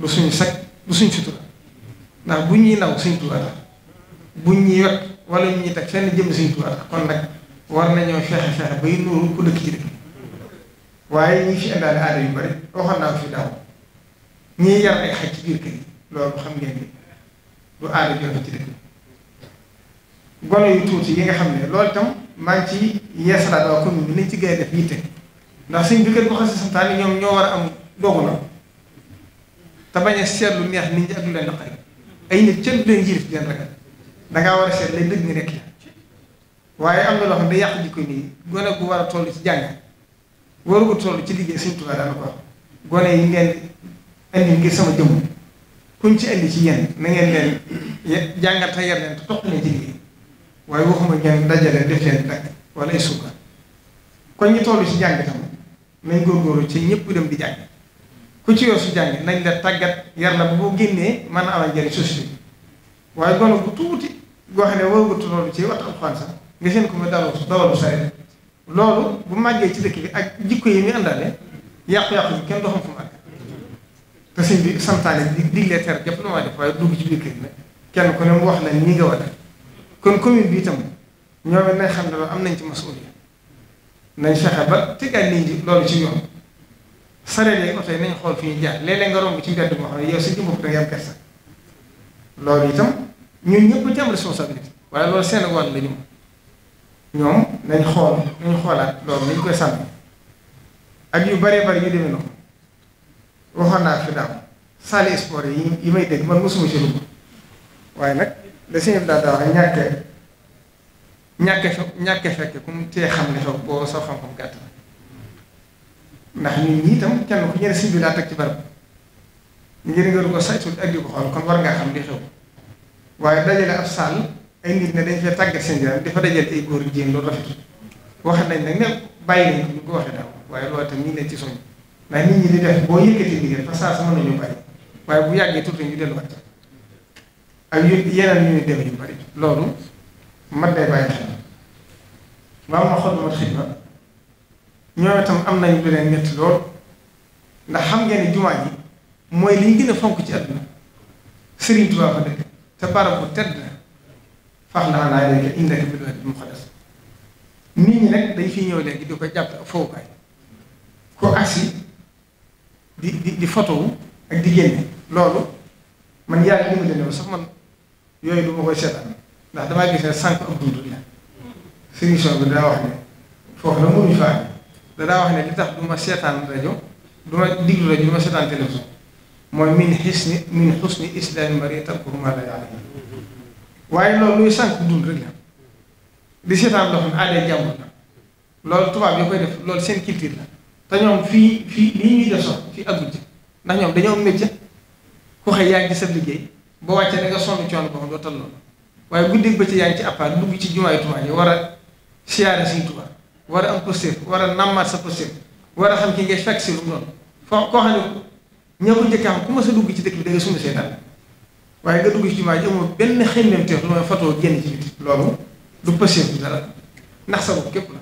lu suñu sag du suñ sutura ndax bu ñuy naw suñ Tuubaa tax bu ñuy wet wala ñu ñuy teg fenn jëm suñ Tuubaa tax kon nag war nañoo fexe fexe bay nuuru ku dëkk ci dëkk waaye ñi fi indaale aada yu bari waxoon naa fi daaw ñii yar ci biir kër loolu xam ngeen ni du aada joxe ci dëkk gone yu tuuti yi nga xam ne loolu itam maa ngi ci yeesalaat waa commune bi nañ ci gën a def yitte ndax suñ bi kat bu xasee santaane ñoom ñoo war a am dogu na te bañ a lu neex nit ñi ak lu leen naqari ay nit kenn du leen yilif di leen ragal dangaa war a seet lay dëgg ni rek la waaye am na loxo xam yàq jikko nii gone ku war a toll ci jàng waru toll ci liggéey Sëñ gone yi ngeen indi ngir sama jëmm kuñ ci indi ci yéen na ngeen leen jàngal te yar leen liggéey waaye waxuma ngeen dajale def leen dakk wala ay suuka kon ñu toll ci jàng tam nañ góor ci ñëpp dem di jàng ku ci yor su jàngi nañ la tàggat yar na bu boo génnee man a amal njëriñ société bi waaye gone bu tuuti goo xam ne woogutu loolu ci waxtu alxuraan sax seen ko mu dawal dawalu bu màggee ci dëkk bi ak jikko yi muy àndaale yàqu-yàqu bi kenn doo xam fu bi santaane di diglee ter jëpp na maa def waaye ci biir kër gi nag kenn wax la ni nga a kon commune bi itam ñoom it xam ne loolu am nañ ci masuuliya nañ fexe ba tegaat nit ñi loolu ci yoon saree yi oto yi nañ xool fi ñuy jaar léeg-léeg nga romb ci mbedd moo xam ne yow si jëmm da ngay am kersa loolu itam ñun ñëpp ci am waaye loolu seen wàll la ñu nañ xool nañ xoolaat loolu nañ koy sàmm ak yu bëree bëri yu demee naa fi yi yi may dégg man mosuma ci dugg waaye nag da si yëf daal daa wax ñàkk ñàkk fe ñàkk fekke ku mu xam ne xew boo sa xam-xam gàtt na ndax nit ñi tam kenn ku ñeneen sëñ bi daa ci barab ngir nga ko saytu ak di ko xool kon war ngaa xam li xew waaye dajale ab sàll ay nit ne dañ fee tàggat seen yaram dafa dajale ay góor jigéen loolu rafet wax nañ nag ne bàyyi ñu ko waxee daaw waaye loolu itam ñu ne ci soñ ndax nit ñi di def boo yëkkati liggéey fa saa sa mën nañu waaye bu yàggee tuuti ñu delluwaat ak yeneen yu ñuy demee yu bari loolu mat day bàyyi na waaw ma xool mat xidma ñoom itam am nañu beneen métti lool ndax xam ngeen ne jumaa ji mooy li ñu gën a fonk ci àdduna Sëriñ Tuubaa fa dëkk te barab bu tedd la fax naa naa léegi indaka bi doon mu ko def nit ñi fi ñëw léegi di ko jàpp fowukaay ko agsi di di di ak di génne loolu man yaa ngi dimbali ne sax man yooyu du ma koy seetaan ndax damaa gis ne sànq ab dund la bi daa wax ne foofu la mënuñu fa danaa wax ne li tax du ma seetaan rajo du ma diglu rajo du ma seetaan télévision mooy min xisni min xusni islaami mari tarkuhu maa laa ya'lam waaye loolu luy sànq dund rek la di seetaan loo xam ne aaday jàmbur la loolu tubaab yoo koy def loolu seen culture la te ñoom fii fii lii ñuy def sax fii àggul ci ndax ñoom dañoo am métier ku xëy yaa ngi ci sa liggéey boo wàccee ne nga sonn coono ko xam doo tal loolu waaye guddi bëccëg yaa ngi ci appart dugg ci jumaay Tuubaa yi war a siyaare suñu Tuubaa war a am posture war a nammaat sa posture war a xam ki ngay fekk si lu mu foo koo xam ne ñoo ko njëkk am ku ma sa dugg ci dëkk bi da nga sumb see dal waaye nga dugg ci jumaa ji benn xemmeem teef lu ma fatoo génn ci biti loolu du posture bi dara ndax sa képp la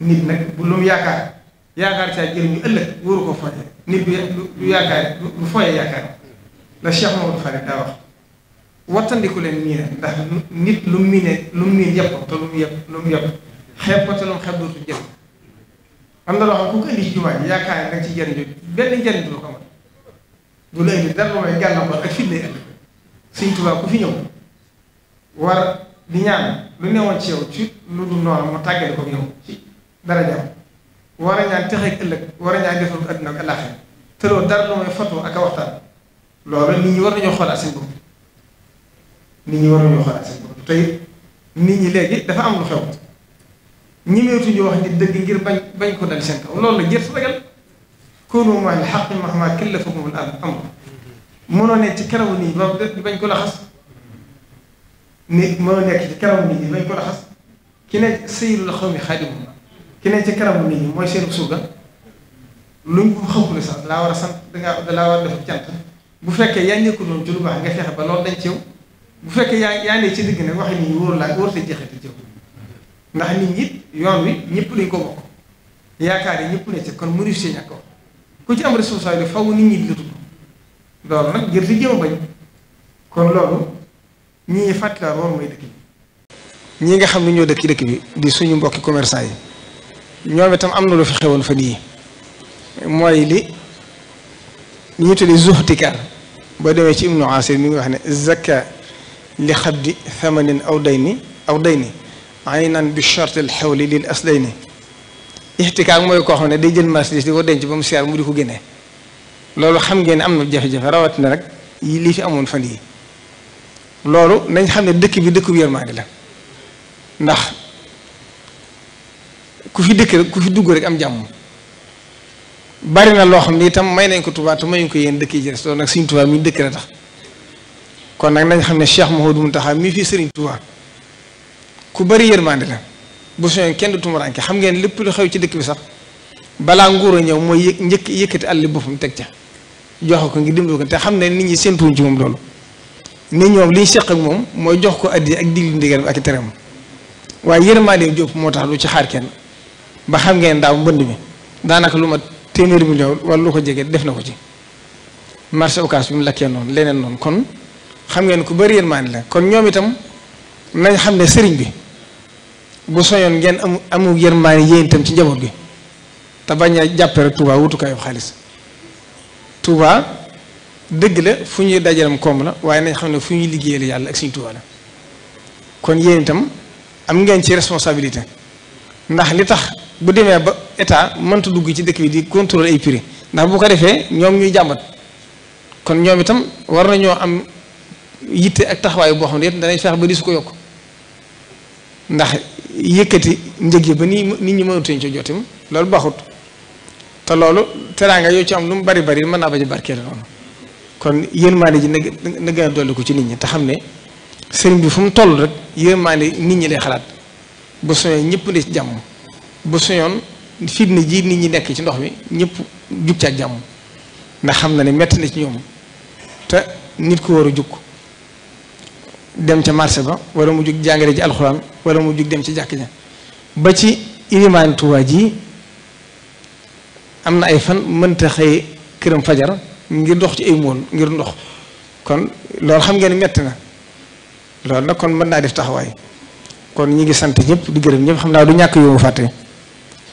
nit nag bu lu mu yaakaar yaakaar caa jëriñu ëllëg wóoru ko foye nit du yaakaar du wax wattandiku leen miine ndax nit lu mu miine lu mu miin yëpp te lu mu yëpp lu mu yëpp xeeb ko te noonu xeeb dootu jël am na loo xam ku ko indi ci yaakaar ne danga ci jëriñ jooju benn njëriñ du la ko mën du la indi dara ñëw war di ñaan lu newoon ci yow ci lu dul noonu mu ko yow ci dara jàmm war a ñaan texeeg ëllëg war a ñaan defal ko àdduna ak àllaaxira te dara lu mooy foto ak a waxtaan loolu nit ñi war nañoo xoolaat seen bopp nit ñi war te nit ñi léegi dafa am lu xew. ñemeetuñu wax nit dëgg ngir bañ bañ ko dal seen kaw loolu la jërëjëf ragal kóonu ma la xaq mahma kallafakum al amr mënoo nekk ci karaw nii ba bañ ko laxas ni mënoo nekk ci karaw nii bañ ko laxas ki ne sayyidul xawmi xaadimu ki ne ci karamu nit ñi mooy seen surga luñ ko xamul sax laa war a sant dangaa dalaa war a def cant bu fekkee yaa nekkul noonu ci lu baax nga fexe ba loolu dañ ci yow bu fekkee yaa yaa ne ci digg nag wax ni wóor laa wóor la jeexati ci yow ndax nit ñi yoon wi ñëpp lañ ko bokk yaakaar yi ñëpp ne ci kon mënu see ñàkk ku ci am responsabilité faw nit ñi di la tudd loolu nag jër si jéem a bañ kon loolu ñi ñuy fàttali woon mooy dëkk bi. ñi nga xam ne ñoo dëkk ci dëkk bi di suñu mbokki commerçant yi ñoom itam am na lu fi xewoon fan yii mooy li ñu tuddee zuhtikaar boo demee ci Ibnu Asir mi ngi wax ne zakka li xabdi thamanin aw dayni aw dayni maa ngi naan bi shart al xawli lil asdayni ixtikaar mooy koo xam ne day jël marchandise di ko denc ba mu seer mu di ko génne loolu xam ngeen ne am na jafe-jafe rawatina nag yi lii fi amoon fan yi loolu nañ xam ne dëkk bi dëkk bu yërmaande la ndax ku fi dëkk rek ku fi dugg rek am jàmm bari na loo xam ne itam may nañ ko Tuubaa te mayuñ ko yéen dëkk yi jëres loolu nag Sëriñ Tuubaa mi dëkk la tax kon nag nañ xam ne moo Mouhamadou Mountakha mii fii Sëriñ Tuubaa ku bari yërmande la bu soñoon kenn du tumuraanke xam ngeen lépp lu xew ci dëkk bi sax balaa nguur a ñëw mooy yë njëkk yëkkati àll boppam teg ca jox ko ngi dimbali ko te xam ne nit ñi séentuwuñ ci moom loolu nit ñoom li seq ak moom mooy jox ko addi ak diglu ndigal ak tereem waaye yërmande jóp moo tax du ci xaar kenn ba xam ngeen daaw mbënd mi daanaka lu ma téeméer million wala lu ko jege def na ko ci marché occas bi mu noonu leneen noonu kon xam ngeen ku bari yërmande la kon ñoom itam nañ xam ne sëriñ bi bu soñoon ngeen am amu yërmaane yéen itam ci njaboot gi te bañ a jàppe rek wutukaayu xaalis Touba dëgg la fu ñuy dajalam koom la waaye nañ xam ne fu ñuy liggéeyal yàlla ak suñu Touba la kon yéen itam am ngeen ci responsabilité ndax li tax bu demee ba état mënta dugg ci dëkk bi di contrôler ay prix ndax bu ko defee ñoom ñuy jàmbat kon ñoom itam war nañoo am yitte ak taxawaay boo xam ne it danañ feex ba di su ko yokk ndax yëkkati njëg yi ba nii nit ñi mënatuñ ci jotim loolu baaxut te loolu teraanga yoo ci am lu mu bari bari mën naa ba ci barkeel noonu kon yërmande ji na a dolli ko ci nit ñi te xam ne sëriñ bi fu mu toll rek yërmande nit ñi lay xalaat bu soñoon ñëpp ne ci jàmm bu soñoon fitna ji nit ñi nekk ci ndox mi ñëpp jug ca jàmm ndax xam na ne metti na ci ñoom te nit ku war a jug dem ca marché ba wala mu jug jàngale ji alxuraan wala mu jug dem ci jàkk ja ba ci ilimaani Tuubaa ji am na ay fan mënta xëy këram fajar ngir dox ci ay mool ngir ndox kon loolu xam ngeen metti na loolu nag kon mën naa def taxawaay kon ñi ngi sant ñëpp di gërëm ñëpp xam naa du ñàkk yow fàtte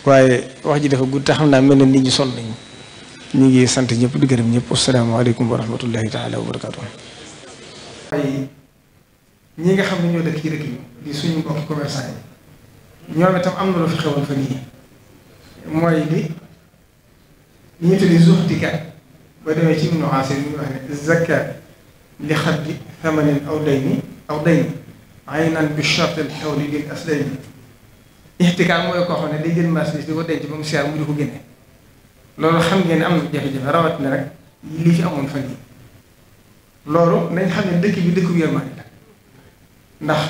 waaye wax ji dafa gudd te xam naa mel na nit ñi sonn nañu ñu ngi sant ñëpp di gërëm ñëpp asalaamaaleykum wa rahmatullahi taala wa barakaatu. ñi nga xam ne ñoo dëkk ci dëkk yi di suñu mbokk commerçant yi ñoom itam am na lu fi xewal fa nii mooy li ñu tuddee zuxtikat ba demee ci Ibnu Asiir ñu wax ne zakkaat li xaddi thamanin aw dayni aw dayni aynan bi shart al xawli lil aslayni ixtikaat mooy koo xam ne day jël marchandise di ko denc ba mu seer mu di ko génne loolu xam ngeen ne am na jafe-jafe rawatina rek li fi amoon fan yi loolu nañ xam ne dëkk bi dëkk bu yërmande la ndax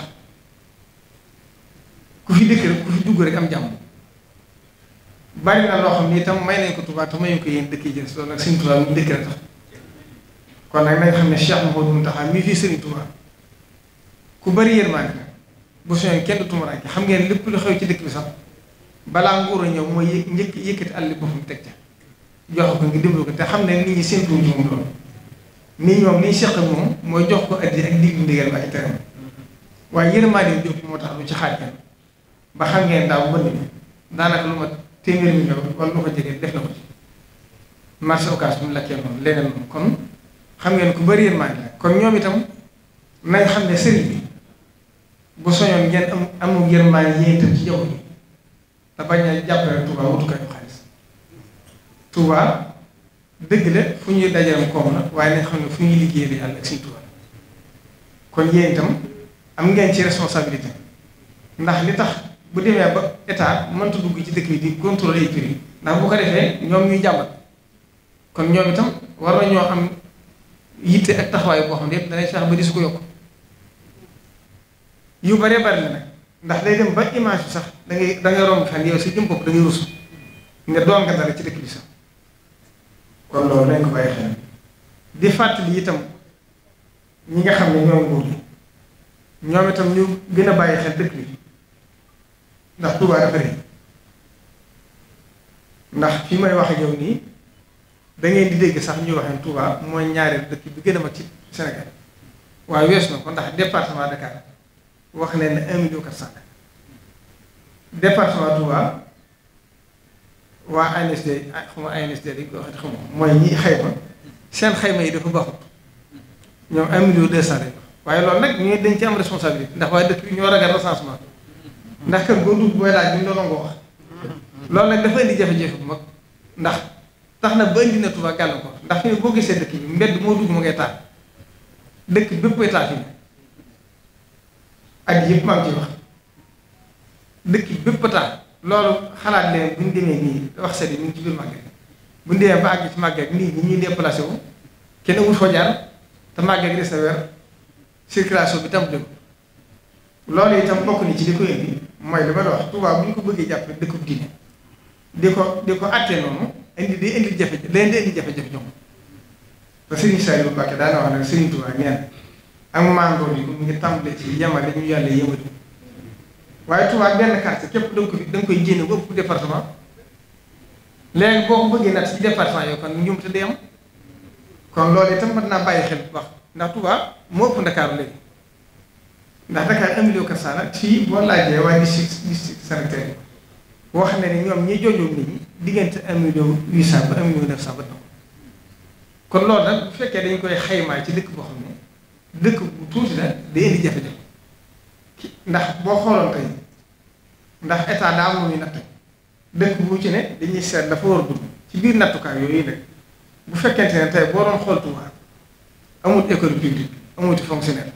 ku fi dëkk rek ku fi dugg rek am jàmm bari na loo xam ne itam may nañ ko Tuubaa te mayuñ ko yéen dëkk yi jël loolu nag Sëriñ Tuubaa mu dëkk la tax kon nag nañ xam ne Cheikh Mouhamadou Mountakha mii fii ku bari yërmande la bu soñoon kenn xam ngeen lépp lu ci dëkk sax balaa nguur a ñëw mooy yë njëkk yëkkati jox ko nga dimbali ko te xam ne nit ñi séntu moom ñoom ni ñu seq moom mooy jox ko addi ak diglu ndigal ba ak teram waaye yërmaande jóg moo tax lu ci xaaj kenn ba xam ngeen daaw bëri na daanaka lu ma téeméer million wala lu ko jege def na ko ci marché occas bu mu lakkee noonu leneen moom kon xam ngeen ku bari yërmaande kon ñoom itam nañ xam ne sëriñ bi bu soñoon ngeen am amul yërmaande yéen itam ci jaww ji te bañ a jàppale Touba wutukaayu xaalis Touba dëgg la fu ñuy dajeem koom la waaye nañ xam ne fu ñuy liggéeyee yàlla ak suñu Touba kon yéen itam. am ngeen ci responsabilité ndax li tax bu demee ba état mënta dugg ci dëkk bi di contrôler les prix ndax bu ko defee ñoom ñuy jàmbat kon ñoom itam war na ñoo am yitte ak taxawaay boo xam ne yëpp danay fexe ba di ko yu bëree bëri la ndax day ba image sax da ngay da ngay romb fan si jëm bopp da ngay rus nga doon nga dara ci dëkk bi sax kon loolu dañ ko bàyyi xel di fàttali itam ñi nga xam ne ñoom nguur gi ñoom itam ñu gën a bàyyi xel dëkk bi ndax Touba dafa rëy ndax fi may wax ak yow nii da ngeen di dégg sax ñuy wax ne Touba mooy ñaareel dëkk bi gën a mag ci Sénégal waaye wees na ko ndax département Dakar wax nañ ne un million quatre cent département Touba waa ANSD xaw ma ANSD dañ koy wax ma mooy ñi ma seen xayma yi dafa baaxut ñoom un million deux cent lañ waaye loolu nag ñu dañ ci am responsabilité ndax waaye dëkk bi ñoo ragal recensement ndax kër goo dugg booy laaj ñu la nangoo wax loolu nag dafa indi jafe-jafe bu mag ndax tax na ba indi na Tuubaa gàllankoor ndax gisee dëkk bi mbedd moo dugg mu ngay taal dëkk bépp koy yëpp maa ngi ciy wax dëkk bépp taal loolu xalaat leen bu ñu demee nii wax sëriñ ñu ngi ci biir màggal bu ñu demee ba àgg ci màggal nii ñuy déplacé wu kenn amul foo jaar te màggal gi des na circulation bi tam jóg loolu tam bokk ni ci li ko indi mooy li ma wax Tuubaa bu ñu ko bëggee jàpp dëkkub diine di ko di ko àttee noonu indi di indi jafe leen di indi jafe-jafe ñoom te Serigne Saliou Mbacké daana wax nag Serigne Touba ñeen ak màngoor yi mu ngi tàmbale ci yamale ñu yàlla yëmatu waaye Touba benn quartier képp da ko da nga koy génne ba ëpp département léegi boo ko bëggee nag ci département yooyu kon ñoom te day am kon loolu itam mën bàyyi xel bu ndax Touba moo ëpp Ndakaaru léegi ndax Dakar un million quatre cent la fii boo laajee waa district district sanitaire yi boo xam ne ñoom ñi joojoon nit ñi diggante un million huit cent ba un million neuf cent kon loolu nag bu fekkee dañ koy xaymaa ci dëkk boo xam ne dëkk bu tuuti la day indi jafe-jafe ndax boo xooloon tey ndax état daa am lu muy natt dëkk bu ci ne dañuy seet dafa war a dugg ci biir nattukaay yooyu nag bu fekkente ne tey boo doon xool Touba. amul école publique amuti fonctionnaire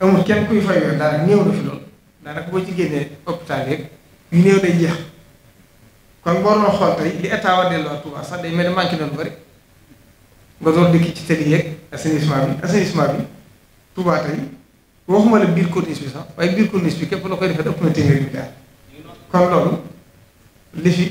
amul kenn kuy fay weer daanaka néew na fi loolu daanaka boo ci hôpital yeeg yu néew day jeex kon boo doon xool tey li état war delloo Touba sax day mel ni manqué doon bëri nga door dëkk ci tëli yeeg assainissement bi assainissement bi Touba tey waxuma la biir corniche bi sax waaye biir corniche bi képp la koy defee ëpp na téeméeri milliard kon loolu li fi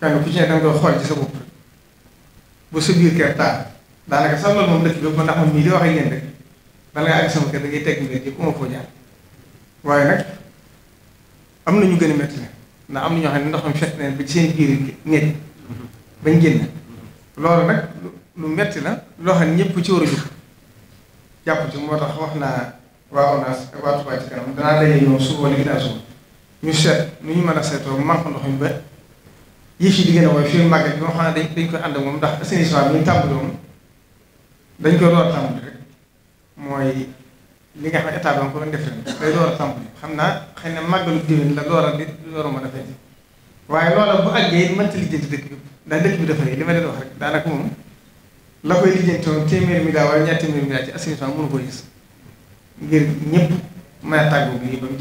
kenn ku ci ne da xool ci sa bopp bu sa biir kër taal daanaka sax loolu moom dëkk bi ba ndax man mii di wax ak yéen rek bala ngaa àgg waaye am na ñu gën a métti ndax am na ñoo xam ne ndox mi fekk nañ ba ci seen biir nekk bañ génn loolu nag lu metti la loo xam ne ñëpp ci war a jóg jàpp ci moo tax wax naa waa ONAS ak waa Touba ci kanam danaa daje ñoom suba wala ginnaaw suba ñu seet nu ñu mën a saytoo manque ndox mi ba. يشيل جينا ويشيل ما كان يروح هذا يكبر يكبر عندهم ده سن إسلام من تابلون ده يكبر دور تامل ده موي لين يحنا كتابهم كلهم دفن ده دور تامل خمنا خلينا ما قبل دين لا دور دين دور ما دفن واي لو على بقى جيد ما تلي جد جد ده ده كبر دفن لما ده دور ده أنا كم لا كوي لين تون تيمير ميدا وين تيمير ميدا سن إسلام مو كويس غير نيب ما يتابعون يبقى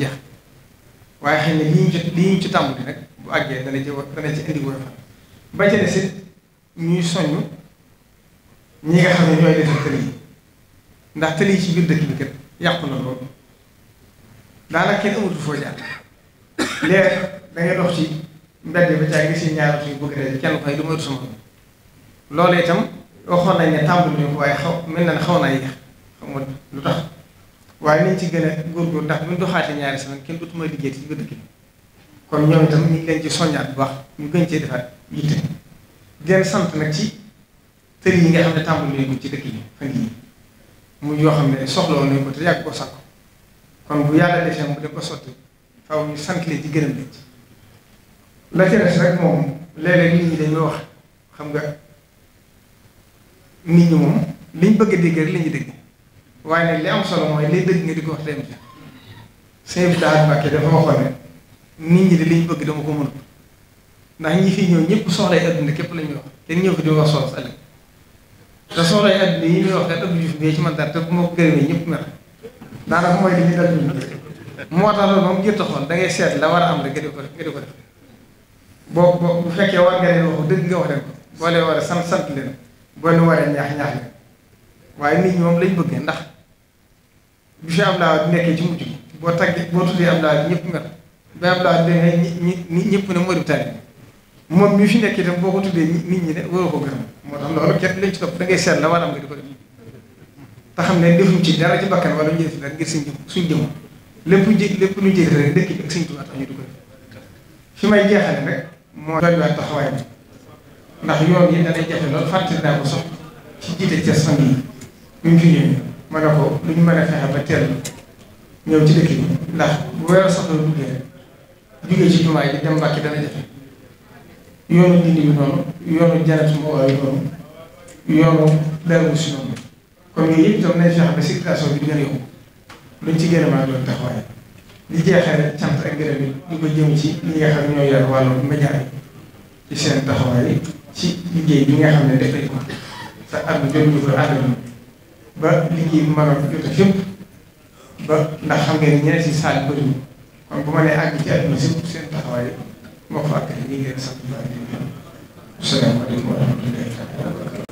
مجه لين جد لين جد تامل bu àggee dana ci dana ci indi woyofal ba ci des ñuy soññ ñi nga xam ne ñooy defar tëli yi ndax tëli yi ci biir dëkk bi kat yàqu na lool daanaka kenn amatul foo jaar léegi da ngay dox ci mbedd yi ñaar suñu bëgg kenn koy du moytu sama loolu itam waxoon nañ ne tàmbali ñu ko waaye xaw mel na xaw naa yéex xam nga lu tax waaye nañ ci gën a góorgóor ndax buñ doxaatee ñaari semaine kenn dootuma liggéey ci biir dëkk bi kon ñoom itam ñu ngi leen ci soññaat bu baax ñu gën cee defaat yitte gen leen sant nag ci tër yi nga xam ne tàmbali ko ci dëkk yi fan yii muy yoo xam ne soxla woon nañ ko te yàgg ko sàkk kon bu yàlla defee mu dem ko sotti faaw ñu sant leen ci gërëm leen ci la ca des rek moom léeg nit ñi dañuy wax xam nga nit ñi moom liñ bëgg a dégg rek la ñuy waaye nag li am solo mooy liy dégg nga di ko wax dem ci sëñ bi daal Mbàkke dafa waxoon ne nit ñi de li ñu bëgg dama ko mënut ndax ñi fi ñëw ñëpp soxlay adduna képp la ñuy wax te ñëw fi di wax sa te soxlay adduna yi ñuy wax te Abdou Diouf bee ci man dara te ma moom jërta xool seet la war a am rek nga di boo bu fekkee war nga leen wax dëgg nga wax leen ko boo war a sant sant leen boo leen waree ñaax waaye nit ñi moom lañ bëggee ndax bu fi Abdoulaye nekkee ci mujj boo tàggee boo tuddee Abdoulaye ñëpp mer ba Abdoulaye dégg nga ñi ñi ñëpp ne Mauritanie moom mi fi nekk itam boo ko tuddee nit ñi de waroo ko gërëm moo tax loolu kenn lañ ci topp da ngay seet la waram nga di ko def te xam ne defuñ ci dara ci bakkan wala ñu def dara ngir suñ jëm suñ jëm lépp jé lépp lu jëlee rek dëkk bi ak suñ tubaab tax ñu di ko def fi may jeexale rek moo doywaat taxawaay bi ndax yoon yi danay jafe loolu fàttali naa ko sax ci jiite Thiès fan yii ñu ngi fi ñëwee ma ko luñ ñu mën a fexe ba teel ñëw ci dëkk bi ndax bu weeree sax la duggee rek. jóge ci jumaa yi dem Mbàkke dana jafe yoonu dindi bi noonu yoonu janet mu waayu noonu yoonu daru si noonu kon yooyu yëpp itam nañ fexe ba circulation bi gën a yomb luñ ci gën a mën a doon taxawaay li jeexee cant ak gërëm yi ñu ko jëm ci ñi nga xam ñoo yor wàllu média yi ci seen taxawaay ci liggéey bi nga xam ne dafay ko te at bi ñu ko àndal ba liggéey bi mën a jot fépp ba ndax xam ne ñeneen si saal bëriwul moom bu ma nee àgg ci àdduna si seen taxawaay moo ko fàttali ñu ngi leen sant di leen gërëm salaamaaleykum wa rahmatullahi taala